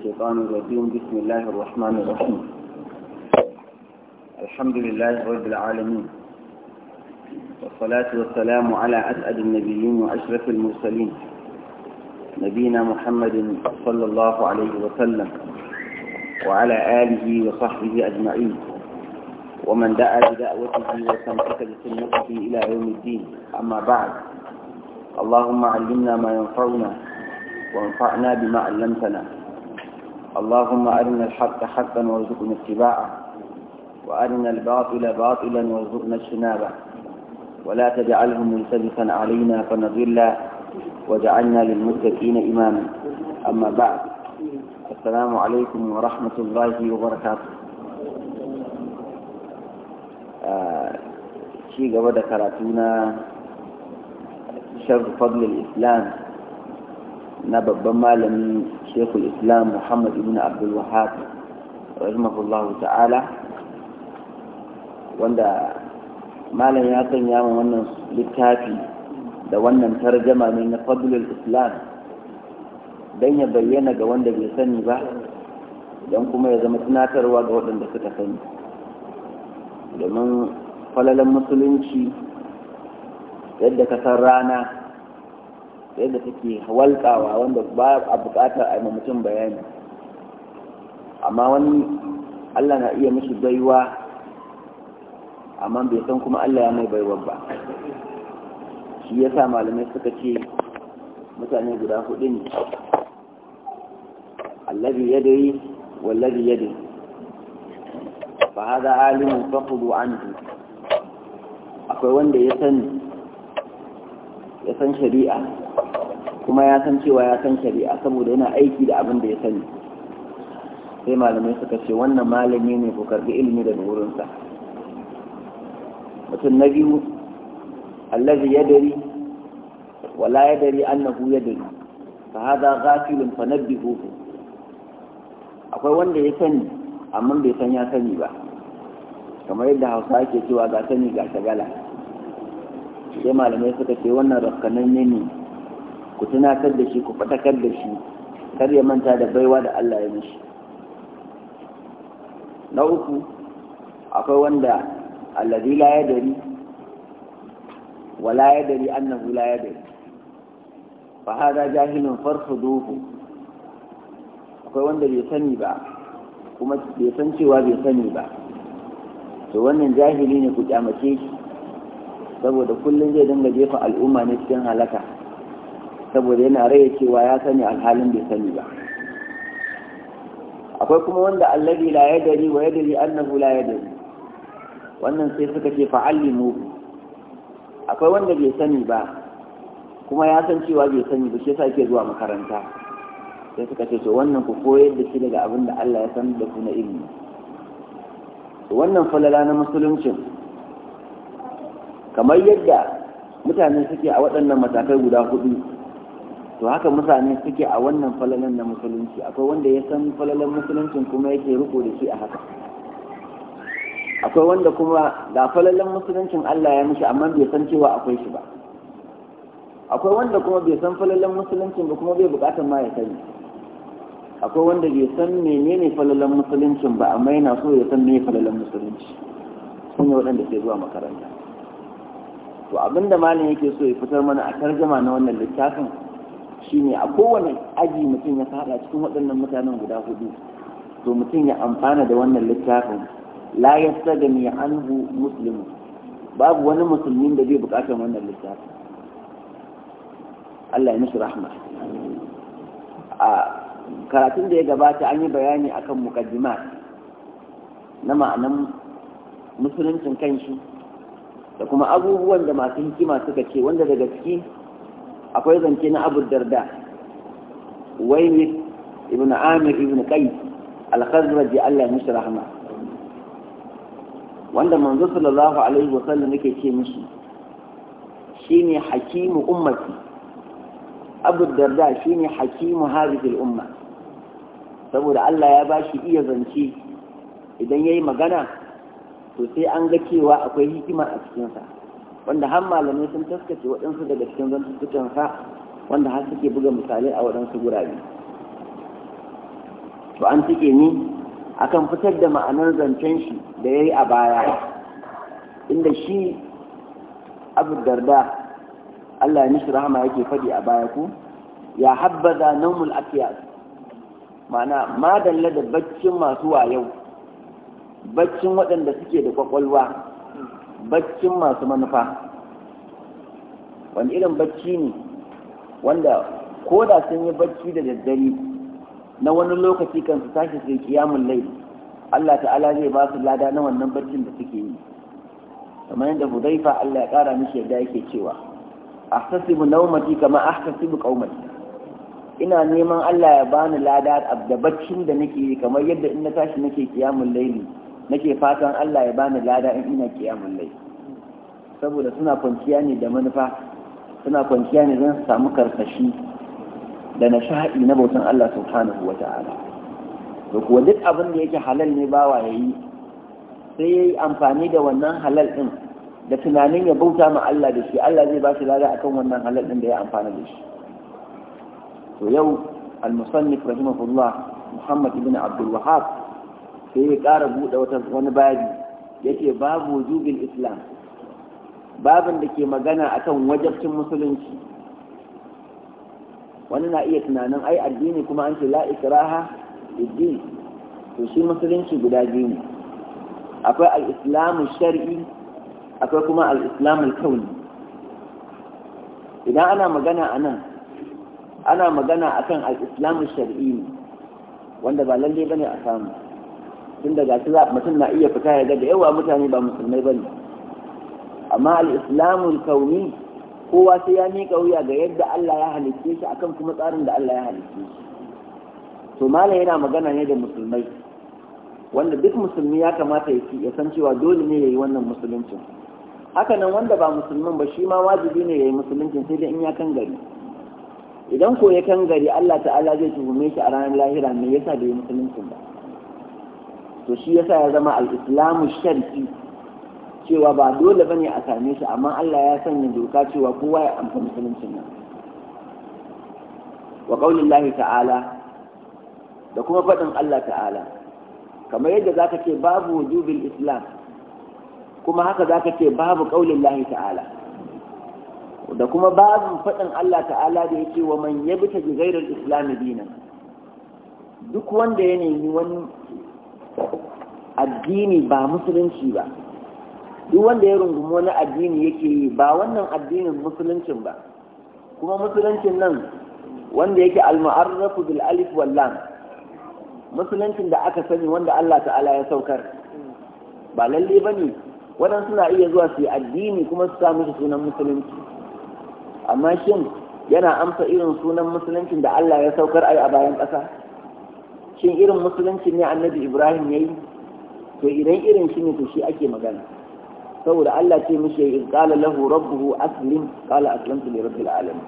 الشيطان الرجيم بسم الله الرحمن الرحيم الحمد لله رب العالمين والصلاة والسلام على أسعد النبيين وأشرف المرسلين نبينا محمد صلى الله عليه وسلم وعلى آله وصحبه أجمعين ومن دعا بدعوته وسمعك بسنته إلى يوم الدين أما بعد اللهم علمنا ما ينفعنا وانفعنا بما علمتنا اللهم أرنا الحق حقا وارزقنا اتباعه وأرنا الباطل باطلا وارزقنا اجتنابه ولا تجعله ملتبسا علينا فنضل وجعلنا للمتقين إماما أما بعد السلام عليكم ورحمة الله وبركاته آه، شيء gaba da karatu فضل الإسلام fadlul islam شيخ الإسلام محمد بن عبد الوهاب رحمه الله تعالى wanda malam ya sanya wa wannan littafi da wannan tarjama ne na fadlul islam don ya bayyana ga wanda bai sani ba don kuma ya zama tunatarwa ga waɗanda suka sani domin falalan musulunci yadda ka san rana yadda take walƙawa wanda ba a buƙatar a mutum bayani amma wani Allah na iya mishi baiwa amma bai san kuma Allah ya mai baiwa ba shi ya sa malamai suka ce mutane guda hudu ne allabi ya dai wallabi ya dai fa alimin fakudu an akwai wanda ya ya san shari'a kuma ya san cewa ya san shari'a saboda yana aiki da abin da ya sani sai malamai suka ce wannan malami ne ku karbi ilimi daga wurinsa mutum na biyu allazi dari, wala ya dari annahu yadari fa hada ghafilun fa nabbihuhu akwai wanda ya sani amma bai san ya sani ba kamar yadda hausa ke cewa ga sani ga shagala sai malamai suka ce wannan rakkanan ne ku tunatar da shi ku faɗakar da shi kar ya manta da baiwa da Allah ya mishi na uku akwai wanda alladhi la yadri wala yadri annahu la yadri fa hada jahilun farhuduhu akwai wanda bai sani ba kuma bai san cewa bai sani ba to wannan jahili ne ku kyamace shi saboda kullum zai dinga jefa al'umma ne cikin halaka saboda yana rage cewa ya sani alhalin bai sani ba akwai kuma wanda allabi la dari wa ya dari annahu la ya dari? wannan sai suka ce fa'allimu akwai wanda bai sani ba kuma ya san cewa bai sani ba shi yasa yake zuwa makaranta sai suka ce to wannan ku koyar da shi daga abin da Allah ya san da ku na ilimi wannan falala na musulunci kamar yadda mutane suke a waɗannan matakai guda hudu to haka mutane suke a wannan falalan na musulunci akwai wanda ya san falalan musuluncin kuma yake riko da shi a haka akwai wanda kuma ga falalan musuluncin Allah ya mishi amma bai san cewa akwai shi ba akwai wanda kuma bai san falalan musuluncin ba kuma bai bukatar ma ya sani akwai wanda bai san menene falalan musuluncin ba amma yana so ya san me falalan musulunci sun yi waɗanda ke zuwa makaranta to abinda malam yake so ya fitar mana a tarjama na wannan littafin shine a kowane aji mutum ya fada cikin waɗannan mutanen guda hudu to mutum ya amfana da wannan littafin la yastagni anhu muslimu babu wani musulmin da zai bukatar wannan littafin Allah ya mishi rahma a karatun da ya gabata an yi bayani akan mukaddima na ma'anan musuluncin kanshi da kuma abubuwan da masu hikima suka ce wanda daga ciki akwai zance na abu darda wai waimik ibn amir ibn kai al-khazraji allah ya mishi rahama wanda manzo sallallahu alaihi wasallam yake ce musu shine hakimu ummati abu darda shine hakimu hadhihi al-umma saboda allah ya bashi iya zance idan yayi magana to sai an ga cewa akwai hikima a cikinsa wanda har malamai sun taskace waɗansu daga cikin zantuttukan sa wanda har suke buga misalai a waɗansu gurare to an tike ni akan fitar da ma'anar zancen shi da ya yi a baya inda shi abu darda Allah ya nishi rahama yake faɗi a baya ku ya habbaza naumul akiyas ma'ana madalla da baccin masu wayau baccin waɗanda suke da kwakwalwa baccin masu manufa wani irin bacci ne wanda ko da sun yi bacci da daddare na wani lokaci kan su tashi sai kiyamun lai Allah ta'ala zai ba su lada na wannan baccin da suke yi kamar yadda hudaifa Allah ya kara mishi yadda yake cewa ahtasibu nawmati kama ahtasibu qaumati ina neman Allah ya bani lada da baccin da nake yi kamar yadda in na tashi nake kiyamun laili nake fatan Allah ya bani lada in ina kiyamun lai saboda suna kwanciya ne da manufa suna kwanciya ne zan samu karsashi da nishaɗi na bautan Allah subhanahu wa ta'ala to kuwa duk abin da yake halal ne bawa yi, sai yayi amfani da wannan halal din da tunanin ya bauta ma Allah da shi Allah zai ba shi lada akan wannan halal din da ya amfana da shi to yau al-musannif rahimahullah Muhammad ibn Abdul wahab. sai ya ƙara buɗe wata wani babi ya ce babu wujubin islam babin da ke magana akan wajabcin musulunci wani na iya tunanin ai addini kuma an ce la ikraha iddi to shi musulunci guda biyu ne akwai al-islamu shar'i akwai kuma al-islamu kauni idan ana magana a nan ana magana akan al-islamu shar'i ne wanda ba lalle bane a samu tun daga su mutum na iya fita ya ga da yawa mutane ba musulmai ba ne amma al'islamun kauni kowa sai ya miƙa wuya ga yadda Allah ya halicce shi akan kuma tsarin da Allah ya halicce shi to yana magana ne da musulmai wanda duk musulmi ya kamata ya san cewa dole ne ya yi wannan musuluncin haka nan wanda ba musulman ba shi ma wajibi ne ya yi musuluncin sai dai in ya kan gari idan ko ya kan gari Allah ta'ala zai tuhume shi a ranar lahira me yasa bai yi musuluncin ba to shi yasa ya zama al-islamu cewa ba dole bane a same shi amma Allah ya sanya doka cewa kowa ya amfani musuluncin nan wa qaulillahi ta'ala da kuma faɗin Allah ta'ala kamar yadda zaka ce babu wujubil islam kuma haka zaka ce babu qaulillahi ta'ala da kuma babu faɗin Allah ta'ala da yake wa man yabta bi ghairil islam dinan duk wanda ya nemi wani addini ba musulunci ba duk wanda ya rungumi wani addini yake yi ba wannan addinin musuluncin ba kuma musuluncin nan wanda yake al-mu'arrafu bil alif wal lam musuluncin da aka sani wanda Allah ta'ala ya saukar ba lalle bane wannan suna iya zuwa su yi addini kuma su samu shi sunan musulunci amma shin yana amsa irin sunan musuluncin da Allah ya saukar ai a bayan ƙasa shin irin musulunci ne annabi ibrahim ya yi to idan irin shi ne to shi ake magana saboda allah ce mishi in kala lahu rabbuhu aslim kala aslamtu li rabbil alamin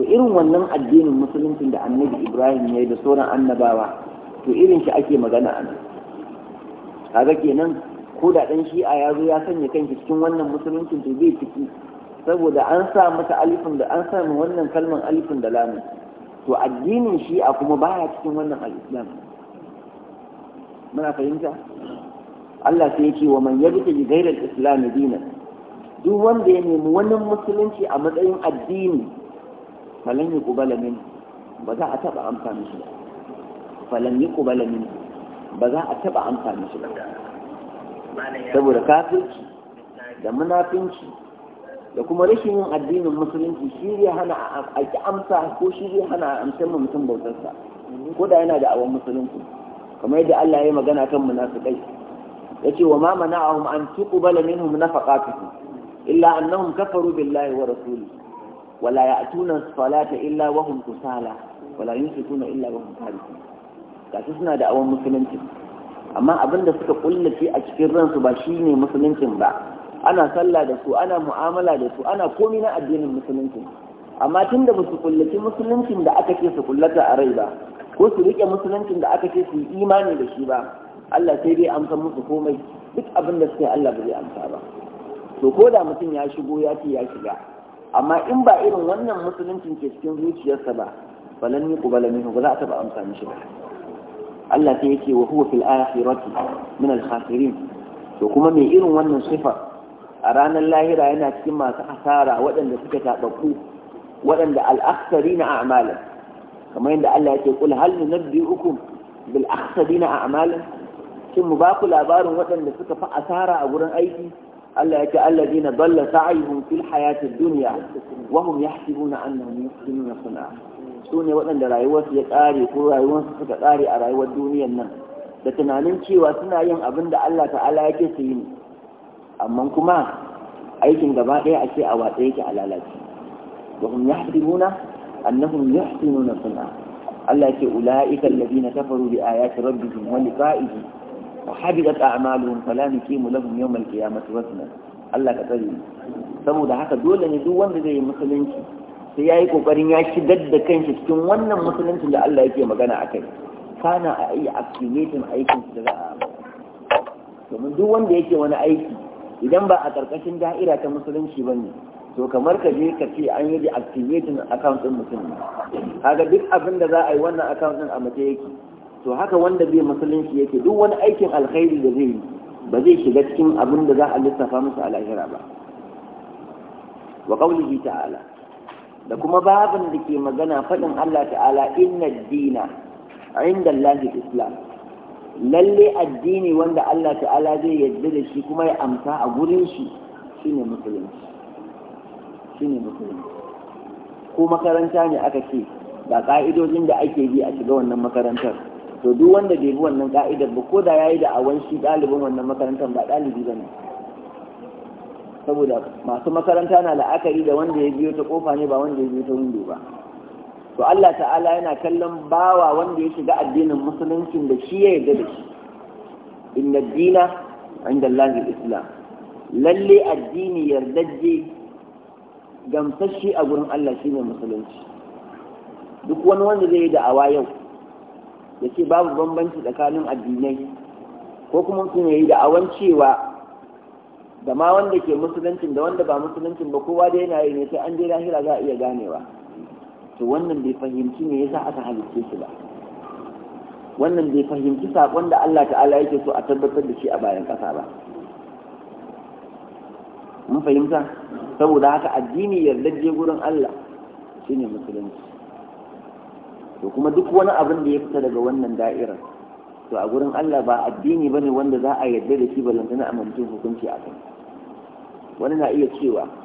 to irin wannan addinin musuluncin da annabi ibrahim ya yi da sauran annabawa to irin shi ake magana a nan kaga kenan ko da dan shi'a ya zo ya sanya kanki cikin wannan musuluncin to zai ciki saboda an sa masa alifin da an sa wannan kalman alifin da lamin to addinin shi'a kuma baya cikin wannan al'islam muna fahimta Allah sai yake wa man yabta bi ghayril islam dina. duk wanda ya nemi wani musulunci a matsayin addini falan yuqbala min ba za a taba amfani shi ba falan yuqbala min ba za a taba amfani shi ba saboda kafirci da munafinci da kuma rashin yin addinin musulunci shi zai hana a ki amsa ko shi zai hana a amsar mu mutum bautarsa ko da yana da awon musulunci kamar yadda Allah ya yi magana kan munafiqai yace wa ma mana'ahum an tuqbala minhum nafaqatuhum illa annahum kafaru billahi wa rasuli wala ya'tuna as-salata illa wa hum kusala wala yunfiquna illa wa hum karihun kasu suna da awon musulunci amma abinda suka kullace a cikin ransu ba shine musuluncin ba ana sallah da su ana mu'amala da su ana komi na addinin musulunci amma tun da su kullaci musuluncin da aka ce su kullata a rai ba ko su rike musuluncin da aka ce su yi imani da shi ba Allah sai dai amsa musu komai duk abin da suka yi Allah ba zai amsa ba to ko da mutum ya shigo ya ce ya shiga amma in ba irin wannan musuluncin ke cikin zuciyarsa ba falan yi kubala minhu ba za a taba amsa mishi ba Allah sai yake wa huwa fil akhirati min al khasirin to kuma mai irin wannan sifa a ranar lahira yana cikin masu asara waɗanda suke taɓaɓɓu waɗanda al'aksari na a'malin kamar yadda Allah yake kul hal uku bil aksari na a'malin shin mu ba ku labarin waɗanda suka fi asara a gurin aiki Allah yake alladina dalla sa'ihum fil hayatid dunya wa hum yahsibuna annahum yuhsinuna sun'a su ne waɗanda rayuwarsu ya ƙare ko rayuwarsu suka ƙare a rayuwar duniyar nan da tunanin cewa suna yin abin da Allah ta'ala yake su yi ne amma kuma aikin gaba ɗaya a ce a watsa yake a lalace wa hum yahsibuna annahum yahsinuna sun'a Allah ya ce ulaika alladhina kafaru bi ayati rabbihim wa liqa'ihi wa habidat a'maluhum fala nuqimu lahum yawm al-qiyamati wazna Allah ka tsare saboda haka dole ne duk wanda zai yi musulunci sai yayi kokarin ya shigar da kanshi cikin wannan musuluncin da Allah yake magana akai kana a yi activating aikin da za a domin duk wanda yake wani aiki idan ba a ƙarƙashin da'ira ta musulunci ba ne to kamar ka je ka ce an yi activating account ɗin mutum ne kaga duk abin da za a yi wannan account ɗin a mace yake to haka wanda bai musulunci yake duk wani aikin alkhairi da zai yi ba zai shiga cikin abin da za a lissafa musu a lahira ba wa qaulihi ta'ala da kuma babin da ke magana faɗin Allah ta'ala inna dina inda Allah islam lalle addini wanda Allah ta'ala zai yadda da shi kuma ya amsa a gurin shi shine musulunci shine musulunci ko makaranta ne aka ce ga ka'idojin da ake bi a shiga wannan makarantar to duk wanda bai bi wannan ka'idar ba ko da yayi da awan shi ɗalibin wannan makarantar ba ɗalibi bane saboda masu makaranta na la'akari da wanda ya biyo ta kofa ne ba wanda ya biyo ta windo ba to Allah ta'ala yana kallon bawa wanda ya shiga addinin musuluncin da shi ya yarda da shi inna dina inda Allah islam lalle addini yardajje gamsashi a gurin Allah shine musulunci duk wani wanda zai yi da da'awa yau ya ce babu bambanci tsakanin addinai ko kuma mutum yi awan cewa da ma wanda ke musuluncin da wanda ba musuluncin ba kowa da yana yi ne sai an je lahira za a iya ganewa to wannan bai fahimci ya yasa aka halicce shi ba wannan bai fahimci saƙon da Allah ta'ala yake so a tabbatar da shi a bayan ƙasa ba mun fahimta saboda haka addini yardaje gurin Allah shine musulunci to kuma duk wani abin da ya fita daga wannan da'irar to a gurin Allah ba addini bane wanda za a yarda da shi balantana amincin hukunci a kai wani na iya cewa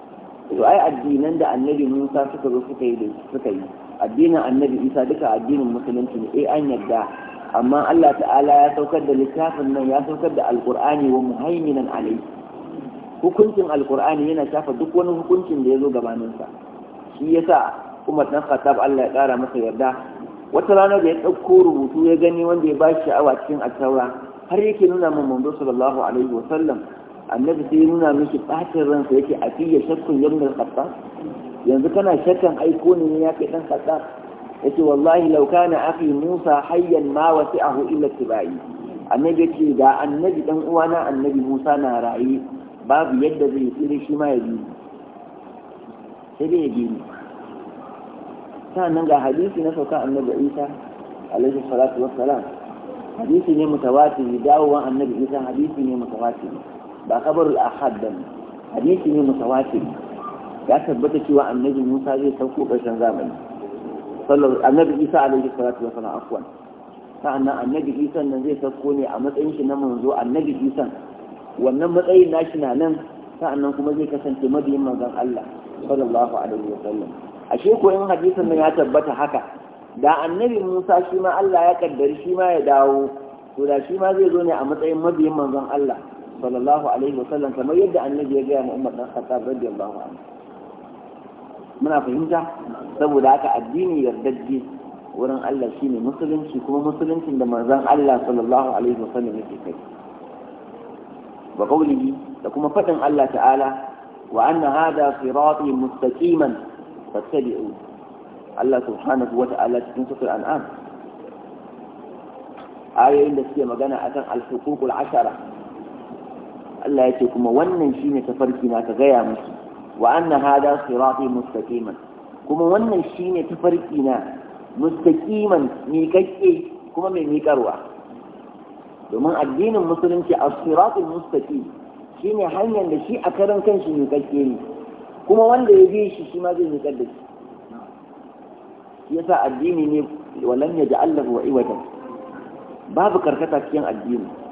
to ai addinan da annabi Musa suka zo suka yi da suka yi addinin annabi Isa duka addinin musulunci ne eh an yarda amma Allah ta'ala ya saukar da littafin nan ya saukar da alqur'ani wa muhaiminan alayhi hukuncin alqur'ani yana shafa duk wani hukuncin da ya zo gabanin sa shi yasa Umar dan Khattab Allah ya kara masa yarda wata rana da ya ɗauko rubutu ya gani wanda ya ba shi sha'awa cikin attaura har yake nuna min manzo sallallahu alaihi wa annabi sai nuna mishi ɓacin ransa yake a fiye shakkun yamnar kafa yanzu kana shakkan aiko ne ya kai ɗan kafa yace wallahi law kana akhi Musa hayyan ma wasi'ahu illa tibai annabi yace da annabi dan uwana annabi Musa na raye babu yadda zai tsire shi ma ya bi sai dai ya bi sannan ga hadisi na sauka annabi Isa alaihi salatu wassalam hadisi ne mutawatir dawowan annabi Isa hadisi ne mutawatir ba kabarul ahad ba ne hadisi ne mutawatir ya tabbata cewa annabi Musa zai sauko ƙarshen zamani sallallahu annabi Isa alaihi salatu wa salam afwan sa'annan annabi Isa nan zai sauko ne a matsayin shi na manzo annabi Isa wannan matsayin nashi na nan sa'annan kuma zai kasance mabiyin manzon Allah sallallahu alaihi wa sallam ashe ko in hadisin nan ya tabbata haka da annabi Musa shi ma Allah ya kaddari shi ma ya dawo to da shi ma zai zo ne a matsayin mabiyin manzon Allah sallallahu alaihi wasallam kamar yadda annabi ya gaya ma Umar dan Khattab radiyallahu anhu muna fahimta saboda haka addini yardajje wurin Allah shine musulunci kuma musuluncin da manzon Allah sallallahu alaihi wasallam yake kai wa qawlihi da kuma fadin Allah ta'ala wa anna hada sirati mustaqiman fattabi'u Allah subhanahu wa ta'ala cikin sura an'am ayoyin da suke magana akan al-huququl ashara Allah ya ce kuma wannan shi shine tafarki na ka gaya musu wa anna hada sirati mustaqiman kuma wannan shi shine tafarki na mustaqiman miƙaƙƙe kuma mai miƙarwa domin addinin musulunci as-siratul mustaqim shine hanyar da shi a karan kanshi miƙaƙƙe ne kuma wanda ya bi shi shi ma zai miƙar da shi yasa addini ne walam Allah lahu iwaja babu karkata cikin addini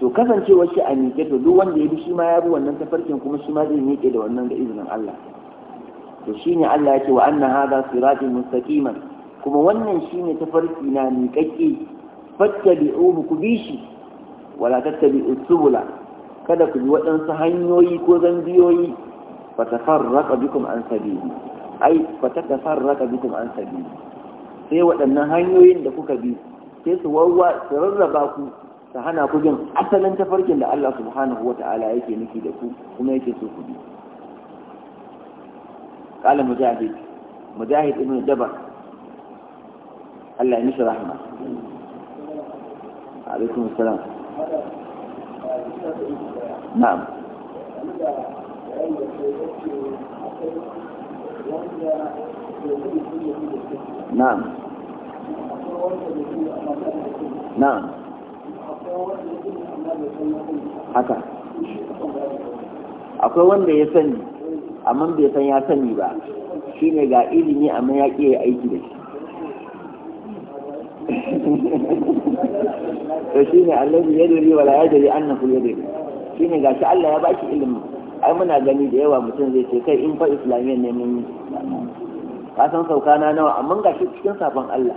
to kasancewar shi a miƙe to duk wanda ya bi shi ma ya bi wannan tafarkin kuma shi ma zai miƙe da wannan da izinin Allah to shine Allah ya ce wa anna hadha siratun mustaqiman kuma wannan shine tafarki na miƙaƙƙe fattabi'uhu ku bi shi wala tattabi'u subula kada ku bi waɗansu hanyoyi ko zambiyoyi fatafarraqa bikum an sabili ai fatatafarraqa bikum an sabili sai waɗannan hanyoyin da kuka bi sai su su rarraba ku ta hana ku jin asalin tafarkin da Allah subhanahu wa ta'ala yake nufi da ku kuma yake so ku bi qala mujahid mujahid ibn jabal Allah ya mishi rahma alaikum assalam na'am na'am na'am haka akwai wanda ya sani amma bai san ya sani ba shi ne ga ilimi amma ya ƙi yi aiki da shi to shi ne allazi ya dori wala ya dori annahu ya dori shi ne gashi Allah ya baki ilimin ai muna gani da yawa mutum zai ce kai in fa islamiyyar ne mun ka san sauka na nawa amma gashi cikin sabon Allah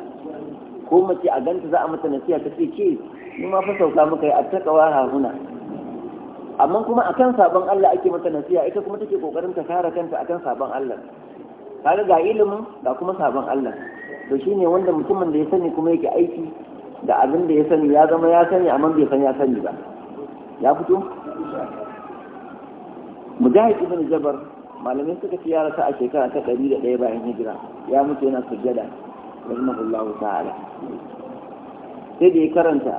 ko mace a ganta za a mata nasiha ta ce ke mu ma fa sauka muka yi attaqwa hahuna amma kuma akan sabon Allah ake mata nasiha ita kuma take kokarin ta kare kanta akan sabon Allah kaga ga ilimin da kuma sabon Allah to shine wanda mutumin da ya sani kuma yake aiki da abin da ya sani ya zama ya sani amma bai san ya sani ba ya fito mujahid ibn jabar malamin suka ci ya rasa a shekara ta ɗari da ɗaya bayan hijira ya mutu yana sujjada rahimahullahu ta'ala sai da ya karanta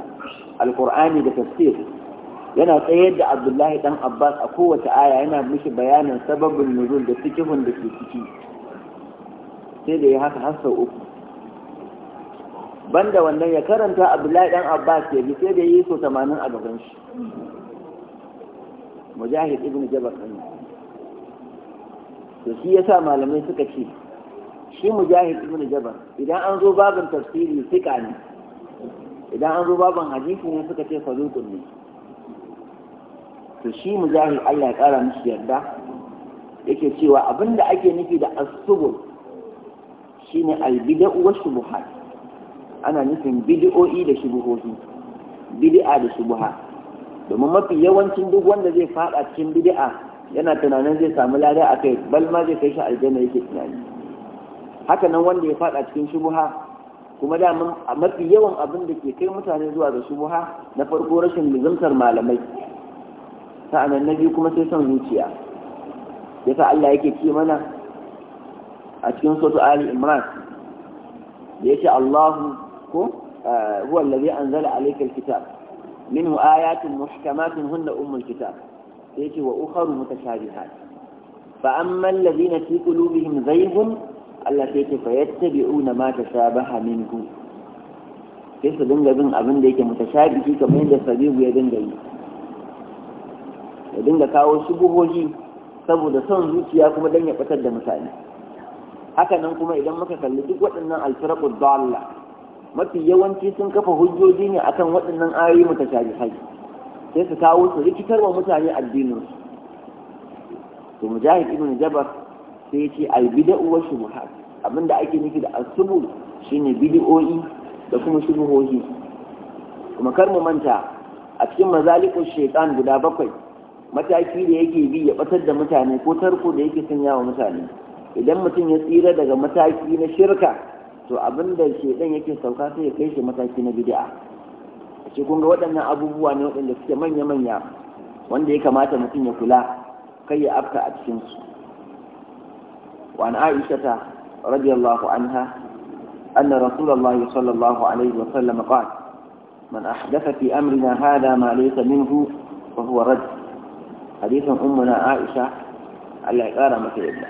alkur'ani da tafsir yana tsayar da abdullahi dan abbas a kowace aya yana mishi bayanin sababin nuzul da sikihun da ke ciki sai da ya haka har sau uku banda wannan ya karanta abdullahi dan abbas ya bi sai da yi so tamanin a gaban shi mujahid ibn jabal ɗin to shi yasa malamai suka ce shi mujahid ibn jabal idan an zo babin tafsiri sika ne idan an zo baban hadisi ne suka ce saduqun ne to shi mujahid Allah ya kara mishi yarda yake cewa abinda ake nufi da as-subul shine al-bid'u wa shubuhat ana nufin bid'o'i da shubuhohi bid'a da shubuha domin mafi yawancin duk wanda zai fada cikin bid'a yana tunanin zai samu lada akai bal ma zai kai shi aljanna yake tunani haka nan wanda ya fada cikin shubuha kuma da a mafi yawan abin da ke kai mutane zuwa ga shubuha na farko rashin lizantar malamai sa'annan na biyu kuma sai son zuciya sa Allah yake ce mana a cikin sotu Ali Imran da yace Allahu ko eh, huwa allazi anzala alayka alkitab minhu ayatun muhkamatun hunna ummul kitab sai yace wa ukharu mutashabihat fa amma allazina fi qulubihim zayghun Allah sai ce fa yattabi'una ma tashabaha minku. sai su dinga bin abin da yake biki kamar yadda sabibu ya dinga yi ya dinga kawo shubuhohi saboda son zuciya kuma dan ya fitar da mutane haka nan kuma idan muka kalli duk waɗannan alfiraqud dalla mafi yawanci sun kafa hujjoji ne akan waɗannan ayoyi mutashabihai sai su kawo su rikitar wa mutane addinin su to mujahid ibn jabar sai ce albida'u wa shubuha abinda ake nufi da asubu shine bid'o'i da kuma shubuhohi kuma kar mu manta a cikin mazalikun shaytan guda bakwai mataki da yake bi ya batar da mutane ko tarko da yake sanya wa mutane idan mutum ya tsira daga mataki na shirka to abinda shaytan yake sauka sai ya kai shi mataki na bid'a ce kun ga waɗannan abubuwa ne waɗanda suke manya-manya wanda ya kamata mutum ya kula kai ya afka a cikinsu وعن عائشة رضي الله عنها أن رسول الله صلى الله عليه وسلم قال من أحدث في أمرنا هذا ما ليس منه فهو رد حديث أمنا عائشة على إقارة مسيرنا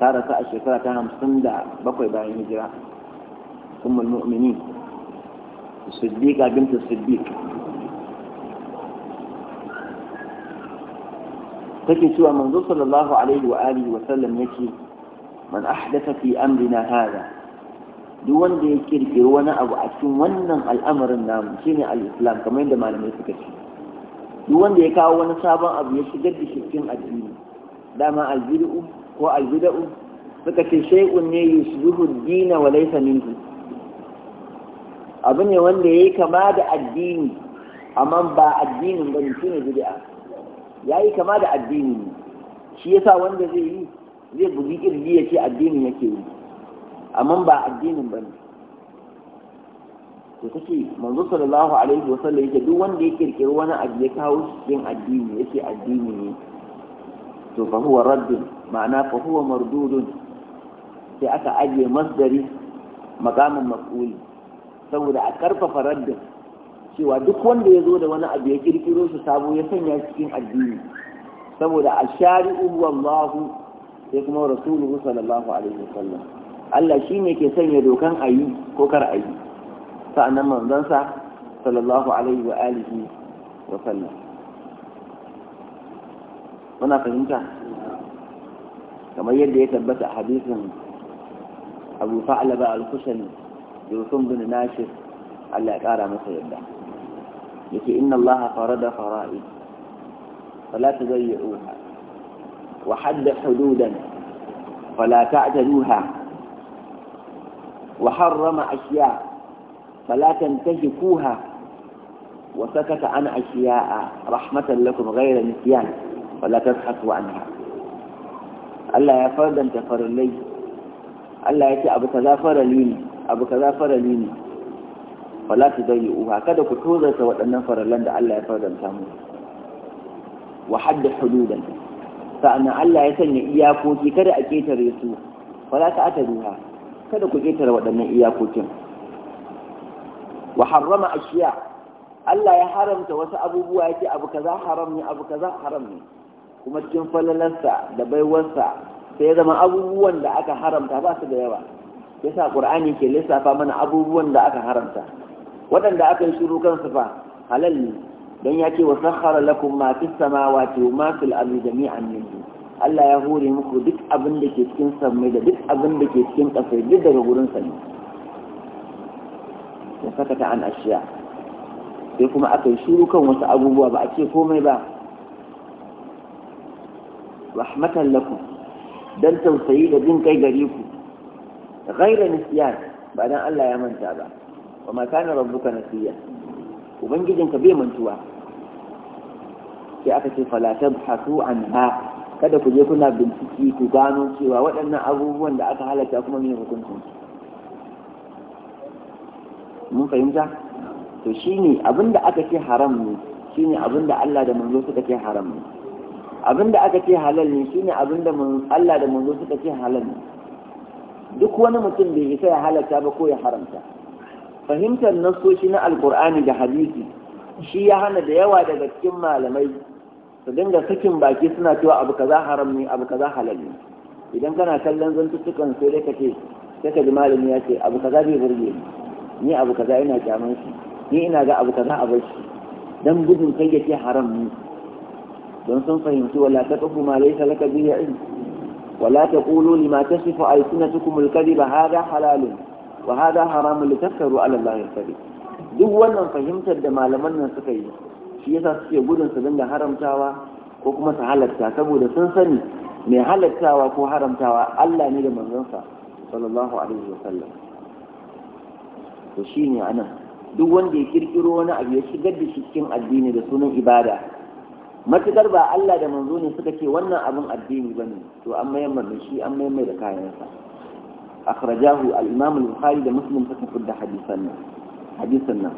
صار ساعة الشكرة تهم سندع بقوي باعي مجرى أم المؤمنين الصديقة بنت الصديق تكي سوى منذ صلى الله عليه وآله وسلم يكي man ahdatha fi amrina hada duk wanda ya kirkiri wani abu a cikin wannan al'amarin namu shine al-islam kamar yadda malamai suka ce duk wanda ya kawo wani sabon abu ya shigar da shi cikin addini dama al ko suka ne yushbihu ad-din wa kama da addini amma ba addinin bane shine Ya yayi kama da addini shi yasa wanda zai yi zai bugi kirji ya ce ya yake yi amma ba addinin ba ne to ta ce manzo sallallahu alaihi wa sallam yake duk wanda ya kirkiri wani abu ya kawo cikin addini yake addini ne to fa huwa raddun ma'ana fa huwa mardudun sai aka ajiye masdari maqamin maf'uli saboda a karfafa raddin cewa duk wanda ya zo da wani abu ya kirkiro shi sabo ya sanya cikin addini saboda a shari'u wallahu sai kuma rasuluhu sallallahu alaihi wasallam Allah shine ke sanya dokan ayi ko kar ayi sa'annan sa sallallahu alaihi wa alihi wa sallam muna fahimta kamar yadda ya tabbata a hadisin Abu Fa'laba al-Kushani Yusuf bin Nashir Allah ya kara masa yadda yake inna Allah farada fara'id fala tadayyi'uha وحد حدودا فلا تعتدوها وحرم أشياء فلا تنتهكوها وسكت عن أشياء رحمة لكم غير نسيان فلا تبحثوا عنها ألا يا أن تفر لي ألا يا أبو كذا فر لي أبو كذا فر لي فلا تضيئوها كذا كتوزة وتنفر لند ألا يا أن تموت وحد حدودا sa'annan Allah ya sanya iyakoki kada a ƙetare su fa za ka ta ataruha kada ku ƙetare waɗannan iyakokin wa harrama ashiya Allah ya haramta wasu abubuwa yake abu kaza haram ne abu kaza haram ne kuma cikin falalarsa da baiwarsa sai ya zama abubuwan da aka haramta ba su da yawa yasa qur'ani ke lissafa mana abubuwan da aka haramta waɗanda aka yi shiru kansu fa halal ne dan ya ce wa sakhara lakum ma fis samawati wa ma fil ardi jami'an minhu Allah ya hore muku duk abin da ke cikin sammai da duk abin da ke cikin kasa duk daga gurin sa ne ya sakata an ashiya sai kuma aka yi shiru kan wasu abubuwa ba a ce komai ba rahmatan lakum dan tausayi da jin kai gare ku ghaira nisyan ba dan Allah ya manta ba wa ma kana rabbuka nasiya ubangijinka bai mantuwa sai aka ce falatan hasu an ha kada ku je kuna binciki ku gano cewa waɗannan abubuwan da aka halatta kuma mai hukuncin mun fahimta to shine abinda aka ce haram ne shine abinda Allah da manzo suka ce haram ne abinda aka ce halal ne shine abinda Allah da manzo suka ce halal ne duk wani mutum bai isa ya halatta ba ko ya haramta fahimtar nasoshi na alkur'ani da hadisi shi ya hana da yawa daga cikin malamai su dinga sakin baki suna cewa abu kaza haram ne abu kaza halal ne idan kana kallon zantuttukan sai dai kace sai ka ji malami ya ce abu kaza bai burge ni ni abu kaza ina kyaman shi ni ina ga abu kaza a barci dan gudun kai yake haram ne don sun fahimci wala ta kafu ma laysa laka bihi ilm wala ta qulu lima tasifu alsinatukum alkadiba hadha halalun wa hadha haramun litakaru ala allahi alkadib duk wannan fahimtar da malaman nan suka yi shi yasa suke gudun su dinga haramtawa ko kuma su halatta saboda sun sani mai halattawa ko haramtawa Allah ne da manzonsa! sallallahu alaihi wa sallam to anan duk wanda ya kirkiro wani abu ya shigar da shi cikin addini da sunan ibada matukar ba Allah da manzo ne suka ce wannan abin addini bane to an mayar shi an mayar da kayansa akhrajahu al-imam al-bukhari da muslim suka fudda hadisan nan hadisan nan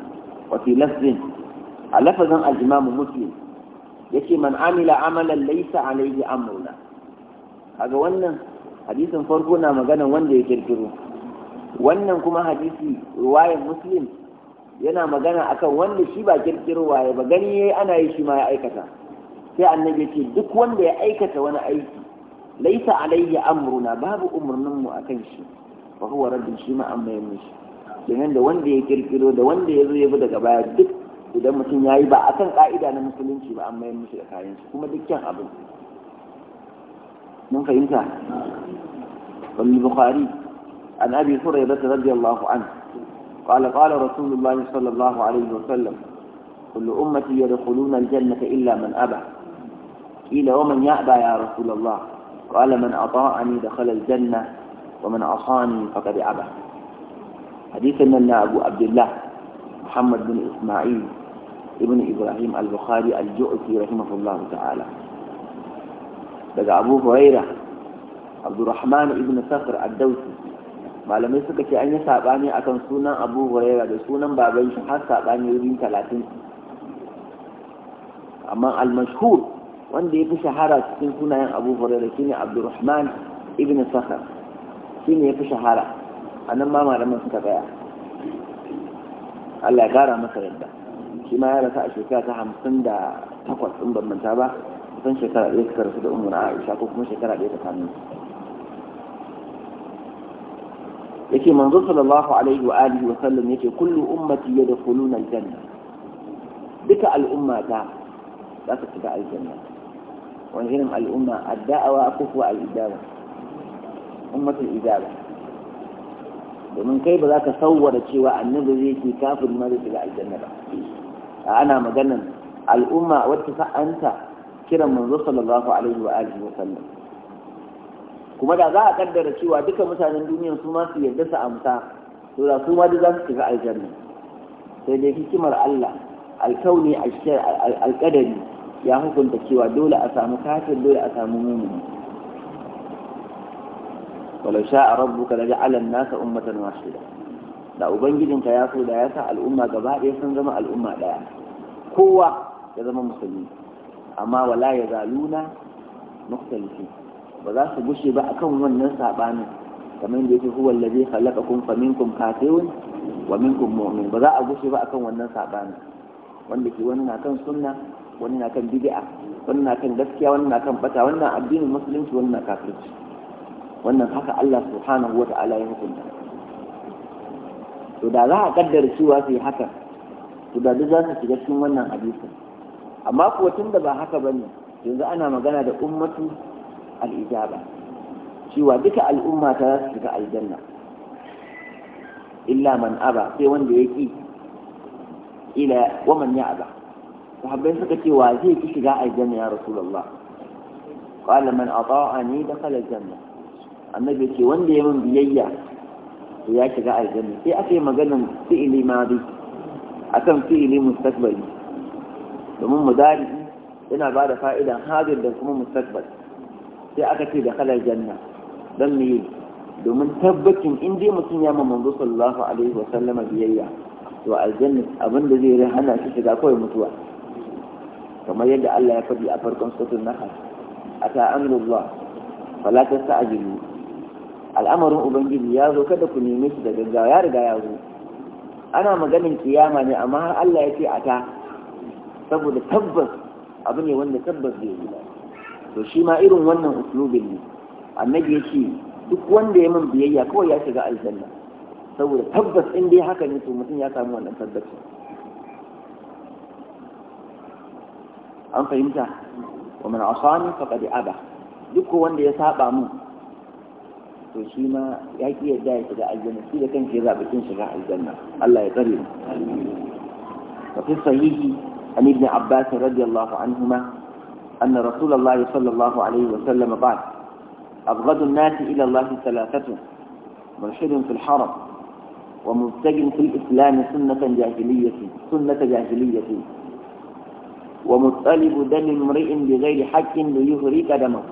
wa fi lafzin a lafazin al-imamu yace man amila amalan laysa alayhi amruna kaga wannan hadisin farko na magana wanda ya kirkiro wannan kuma hadisi ruwayan muslim yana magana akan wanda shi ba kirkirowa ya ba gani yayi ana yi shi ma ya aikata sai annabi ce duk wanda ya aikata wani aiki laisa alayhi amruna babu umurnin mu akan shi fa huwa rabbi shi ma amma mishi. shi da wanda ya kirkiro da wanda ya zo ya bi daga baya duk idan mutum ya yi ba a kan ka'ida na musulunci ba amma mayar musu da kayansu kuma dukkan abin mun fahimta wani bukari an abi sura ya bata rabbi allahu an qala qala rasulullahi sallallahu alaihi wa sallam kullu ummati yadkhuluna aljannata illa man aba qila wa man ya'ba ya rasulullah qala man ata'ani dakhala aljanna wa man asani faqad aba hadithan na abu abdullah محمد Bin Isma'il Ibn Ibrahim al الجؤفي رحمه الله تعالى daga abu huraira abdurrahman ibn sakhr ad malamai suka ce an yi sabani akan sunan abu huraira da sunan baban shi har sabani wurin talatin amma al-mashhur wanda ya fi shahara cikin sunayen abu huraira shine abdurrahman ibn sakhr shine ya fi shahara nan ma malaman suka tsaya Allah ya gara masa yadda shi ma ya rasa a shekara ta hamsin da takwas ɗin bambanta ba kusan shekara ɗaya suka rasu da umar aisha ko kuma shekara ɗaya ta kanu yake manzo sallallahu alaihi wa alihi wa sallam yake kullu ummati yadkhuluna aljanna duka al'umma ta za ta shiga aljanna wani irin al'umma addawa ko kuwa al'idawa ummatul idawa domin kai ba za ka sauwara cewa annabi zai ke kafin ma zai aljanna ba a ana maganan al'umma wacce sa'anta kiran manzo sallallahu alaihi wa alihi wa sallam kuma da za a kaddara cewa duka mutanen duniya su ma su yarda su amsa to da su ma duk za su shiga aljanna sai dai hikimar Allah alkauni alkadari ya hukunta cewa dole a samu kafin dole a samu mumini walau sha'a rabbuka la ja'ala an-nasa ummatan wahida da ubangijinka ya so da ya sa al'umma gaba ɗaya sun zama al'umma ɗaya kowa ya zama musulmi amma wala ya zaluna mukhtalifi ba za su gushe ba akan wannan sabanin kamar da yake huwa allazi khalaqakum faminkum wa ba za a gushe ba wannan wanda ke wani na kan sunna wani na kan bid'a wani na kan gaskiya wani na kan bata na addinin musulunci wani na kafirci wannan haka Allah subhanahu wata'ala ya hukunta to da za a kaddara cewa su yi haka to da duk za su shiga cikin wannan hadisin amma kuwa tun da ba haka bane yanzu ana magana da ummatu al-ijaba cewa duka al'umma ta za su shiga aljanna illa man aba sai wanda ya ki ila wa man ya aba sahabbai suka ce wa zai ki shiga aljanna ya rasulullah qala man ata'ani dakhala aljanna annabi ce wanda ya min biyayya to ya shiga aljanna sai aka yi maganan fi'ili madi akan fi'ili mustaqbali domin mudari yana ba da fa'idan hadir da kuma mustaqbal sai aka ce da kalar janna don me domin tabbacin in dai mutum ya ma manzo sallallahu alaihi wa sallama biyayya to aljanna abin da zai hana shi shiga kawai mutuwa kamar yadda Allah ya faɗi a farkon sutun nahl ata amrullah fala tastajilu al'amarin ubangiji ya zo kada ku neme shi da gaggawa ya riga ya zo ana maganin kiyama ne amma har Allah ya ce a ta saboda tabbas abu ne wanda tabbas bai yi ba to shi ma irin wannan uslubin ne annabi ya ce duk wanda ya min biyayya kawai ya shiga aljanna saboda tabbas in dai haka ne to mutum ya samu wannan tabbacin an fahimta wa man asani faqad aba duk wanda ya saba mun to shi ma ya ki yadda ya shiga aljanna shi da kanshi ya zaɓi kin shiga aljanna Allah ya tsare mu wa fi sahihi an ibn abbas radiyallahu anhuma anna rasulullahi sallallahu alaihi wa sallam ba abghadu an-nas ila Allah thalathatun مرشد في الحرم ومبتج في الإسلام سنة جاهلية سنة جاهلية ومطالب دم امرئ haqqin li yuhrika damahu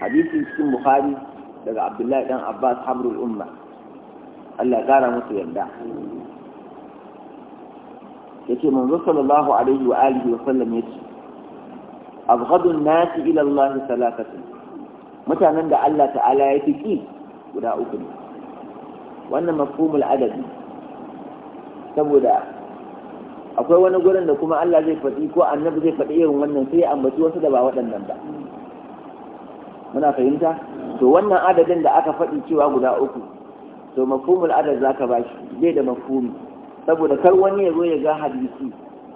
حديث في bukhari daga abdullahi dan abbas hamrul umma Allah kara musu yarda yace manzo sallallahu alaihi wa alihi wa sallam yace abghadun nasi ila Allah salakatun mutanen da Allah ta'ala ya fiki guda uku ne wannan mafhumul adadi saboda akwai wani gurin da kuma Allah zai faɗi ko annabi zai faɗi irin wannan sai ya ambaci wasu da ba waɗannan ba muna fahimta to wannan adadin da aka faɗi cewa guda uku to mafhumul adad zaka bashi zai da mafhumi saboda kar wani ya zo ya ga hadisi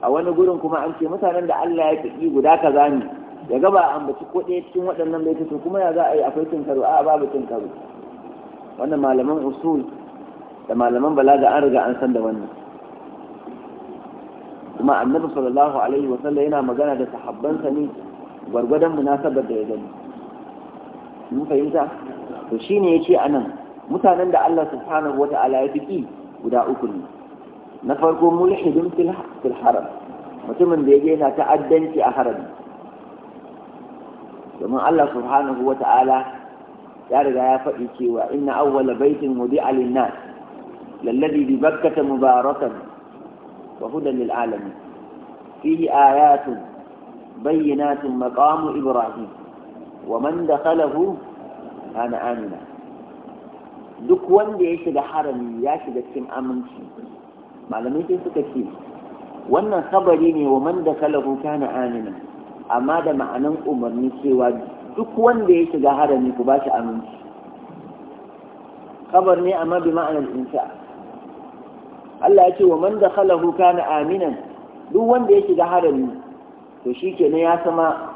a wani gurin kuma an ce mutanen da Allah ya kiki guda ka ne ya gaba ba ambaci ko ɗaya cikin waɗannan bai to kuma ya za a yi akwai cin karo a babu cin karo wannan malaman usul da malaman balaga an riga an san da wannan kuma annabi sallallahu alaihi wa yana magana da sahabbansa ne gwargwadon munasabar da ya gani mun fahimta to shine yace anan mutanen da Allah subhanahu wata'ala ya fiki guda uku ne na farko mulhidin fil haram mutumin da yake yana ta'addanci a harami domin Allah subhanahu wata'ala ya riga ya faɗi cewa inna awwala baitin wudi'a lin-nas lalladhi bi bakkata mubarakan wa hudan lil alamin fihi ayatun bayyinatun maqamu ibrahim ومن دخله كان آمنا duk wanda ya shiga harami ya shiga cikin aminci malamai sai suka ce wannan sabari ne wa man da kalahu kana amina amma da ma'anan umarni cewa duk wanda ya shiga harami ku ba shi aminci kabar ne amma bi ma'anar insha Allah ya ce wa man da kalahu kana amina duk wanda ya shiga harami to shi kenan ya zama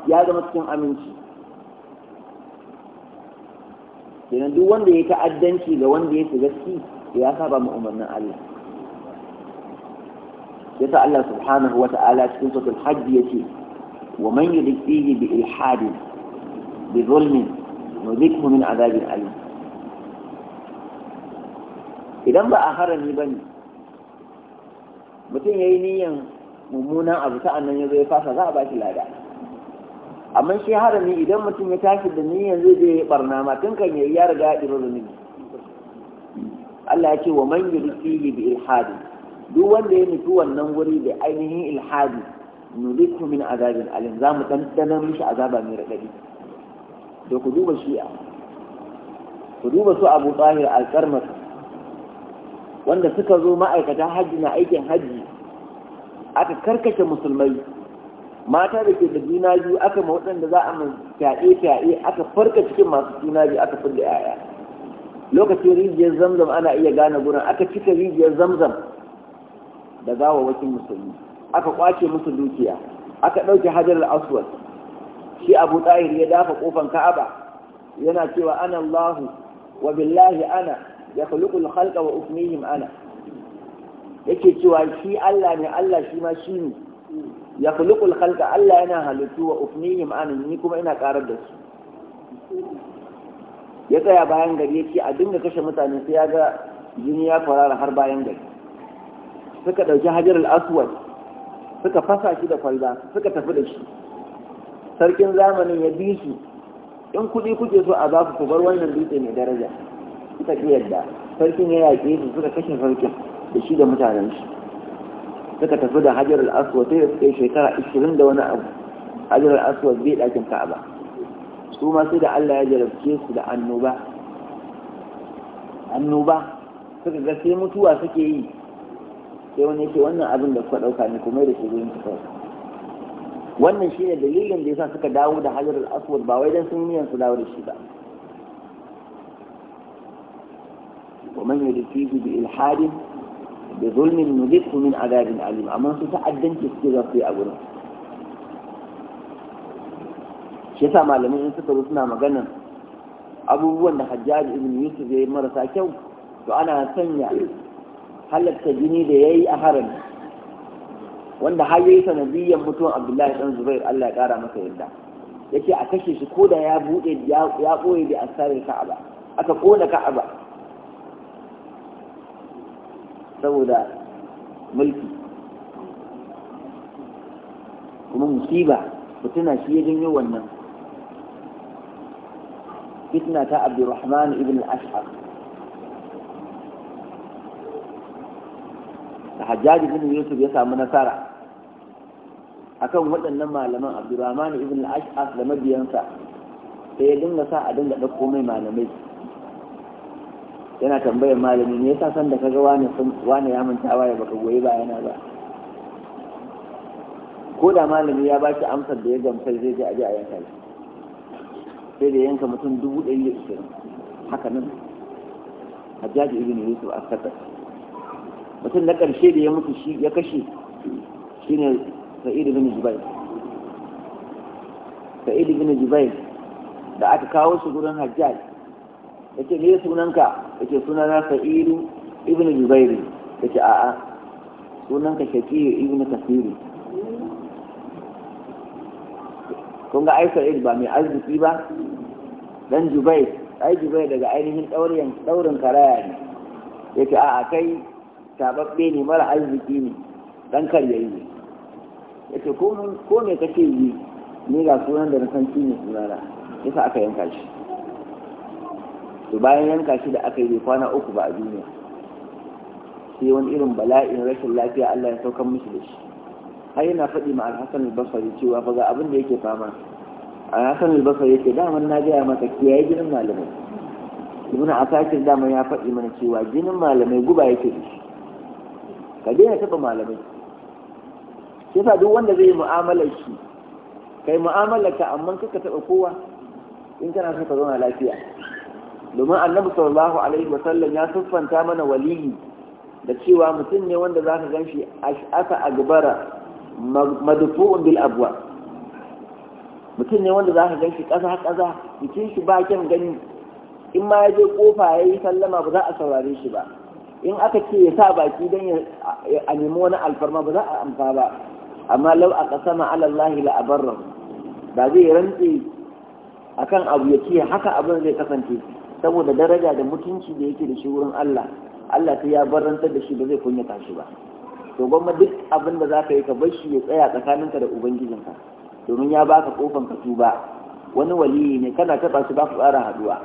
cikin aminci kenan duk wanda ya ta'addanci ga wanda ya shiga gaski, ya saba mu umarnin Allah yasa Allah subhanahu wa ta'ala cikin hajji ya yace wa man yudik fihi bi ilhadin bi zulmin nuzikhu min adabin alim idan ba a harami bane mutum yayi niyan mummunan abu sa'an nan zo ya fasa za a ba shi lada amma shi harami idan mutum ya tashi da niyyar zai je ya barna ma tun kan yi ya riga a ɗiro da niyya Allah ya ce wa man yurfihi bi ilhadi duk wanda ya nufi wannan wuri da ainihin ilhadi nuliku min azabin alim za mu ɗanɗanar mishi azaba mai raɗaɗi da ku duba shi'a ku duba su abu tsahir alƙarmar wanda suka zo ma'aikatan hajji na aikin hajji aka karkace musulmai mata da ke da juna biyu aka ma waɗanda za a mai fyaɗe fyaɗe aka farka cikin masu juna biyu aka fidda yaya lokacin rijiyar zamzam ana iya gane gurin aka cika rijiyar zamzam da gawawakin musulmi aka kwace musu dukiya aka ɗauke hajar aswad shi abu ɗahir ya dafa ƙofan ka'aba yana cewa ana allahu wa billahi ana ya khuluqul khalqa wa ufnihim ana yake cewa shi allah ne allah shi ma shi ne ya khuluqul khalqa Allah yana halittu wa ufnihim an ni kuma ina karar da su ya tsaya bayan gari ya ce a dinga kashe mutane sai ya ga jini ya kwarara har bayan gari suka ɗauki hajar al'aswad suka fasa shi da kwalba suka tafi da shi sarkin zamanin ya bi su in kuɗi kuke so a za ku bar wannan dutse mai daraja suka ƙi yadda sarkin ya yaƙe su suka kashe sarkin da shi da mutanen shi suka tafi da hajar al'aswad sai da suka shekara 20 da wani abu hajar al'aswad bai ɗakin ka'aba su ma sai da Allah ya jarabce su da annoba annoba suka ga sai mutuwa suke yi sai wani yake wannan abin da suka ɗauka ne kuma da shi gurin su wannan shi ne dalilin da ya sa suka dawo da hajar al'aswad ba wai dan sun yi su dawo da shi ba ومن يلقيه بإلحاد da zulmin nuzifu min azabin alim amma su ta'addanci suke za su yi a gurin shi yasa malamai in suka zo suna maganan abubuwan da hajjaji ibn yusuf ya marasa kyau to ana sanya halatta jini da yayi a haram wanda har yayi sanadiyyar mutuwan abdullahi dan zubair allah ya kara masa yadda yake a kashe shi ko da ya bude ya ɓoye da asarin ka'aba aka kona ka'aba saboda mulki kuma musiba fitina shi ya janyo wannan fitna ta abdurrahman ibn al-ash'ar da hajjaj ibn yusuf ya samu nasara akan waɗannan malaman abdurrahman ibn al-ash'ar da mabiyansa sai ya dinga sa a dinga ɗauko mai malamai yana tambayar malami ne yasa san da kaga wani wani ya manta waye baka goyi ba yana ba ko da malami ya ba shi amsar da ya gamsa zai je aje a yanka shi sai da yanka mutum dubu ɗari da ishirin haka nan hajjaji ibn yusuf a sakar mutum na ƙarshe da ya mutu shi ya kashe shine sa'id ibn jubair sa'id ibn jubair da aka kawo shi gurin hajjaji yace ne sunanka yace sunana sa'idu ibnu jubairi yace a'a sunanka shaqiyu ibnu kasiri kun ga ai sa'id ba mai arziki ba dan jubair ai jubair daga ainihin daurin daurin karaya ne yace a'a kai tababbe ne mara arziki ne dan karyayi ne yace ko ko me kake yi ni ga sunan da na san shi ne sunana yasa aka yanka shi to bayan yanka shi da aka yi kwana uku ba a duniya sai wani irin bala'in rashin lafiya Allah ya saukan musu da shi har yana faɗi ma al-Basri cewa fa ga abin da yake fama al-Basri yake daman na ga maka kiyaye jinin malamai ibn asakir daman ya faɗi mana cewa jinin malamai guba yake da shi ka ya taɓa malamai shi yasa duk wanda zai yi mu'amalar shi kai mu'amalar ka amma kaka taɓa kowa in kana so ka zauna lafiya domin annabi sallallahu alaihi wasallam ya siffanta mana waliyi da cewa mutum ne wanda za ka ganshi ash'asa agbara madfu'un bil abwa mutum ne wanda za ka ganshi kaza kaza jikin shi bakin gani in ma ya je kofa ya yi sallama ba za a saurare shi ba in aka ce ya sa baki don ya a nemi wani alfarma ba za a amfa ba amma lau a kasama alallahi la ba zai rantse akan abu ya ce haka abin zai kasance saboda daraja da mutunci da yake da shi wurin Allah Allah sai ya barantar da shi ba zai kunyata shi ba to gwamma duk abin da za yi ka bar shi ya tsaya tsakaninka da ubangijinka domin ya baka kofan ka tuba wani waliyi ne kana taɓa shi ba ku ƙara haduwa.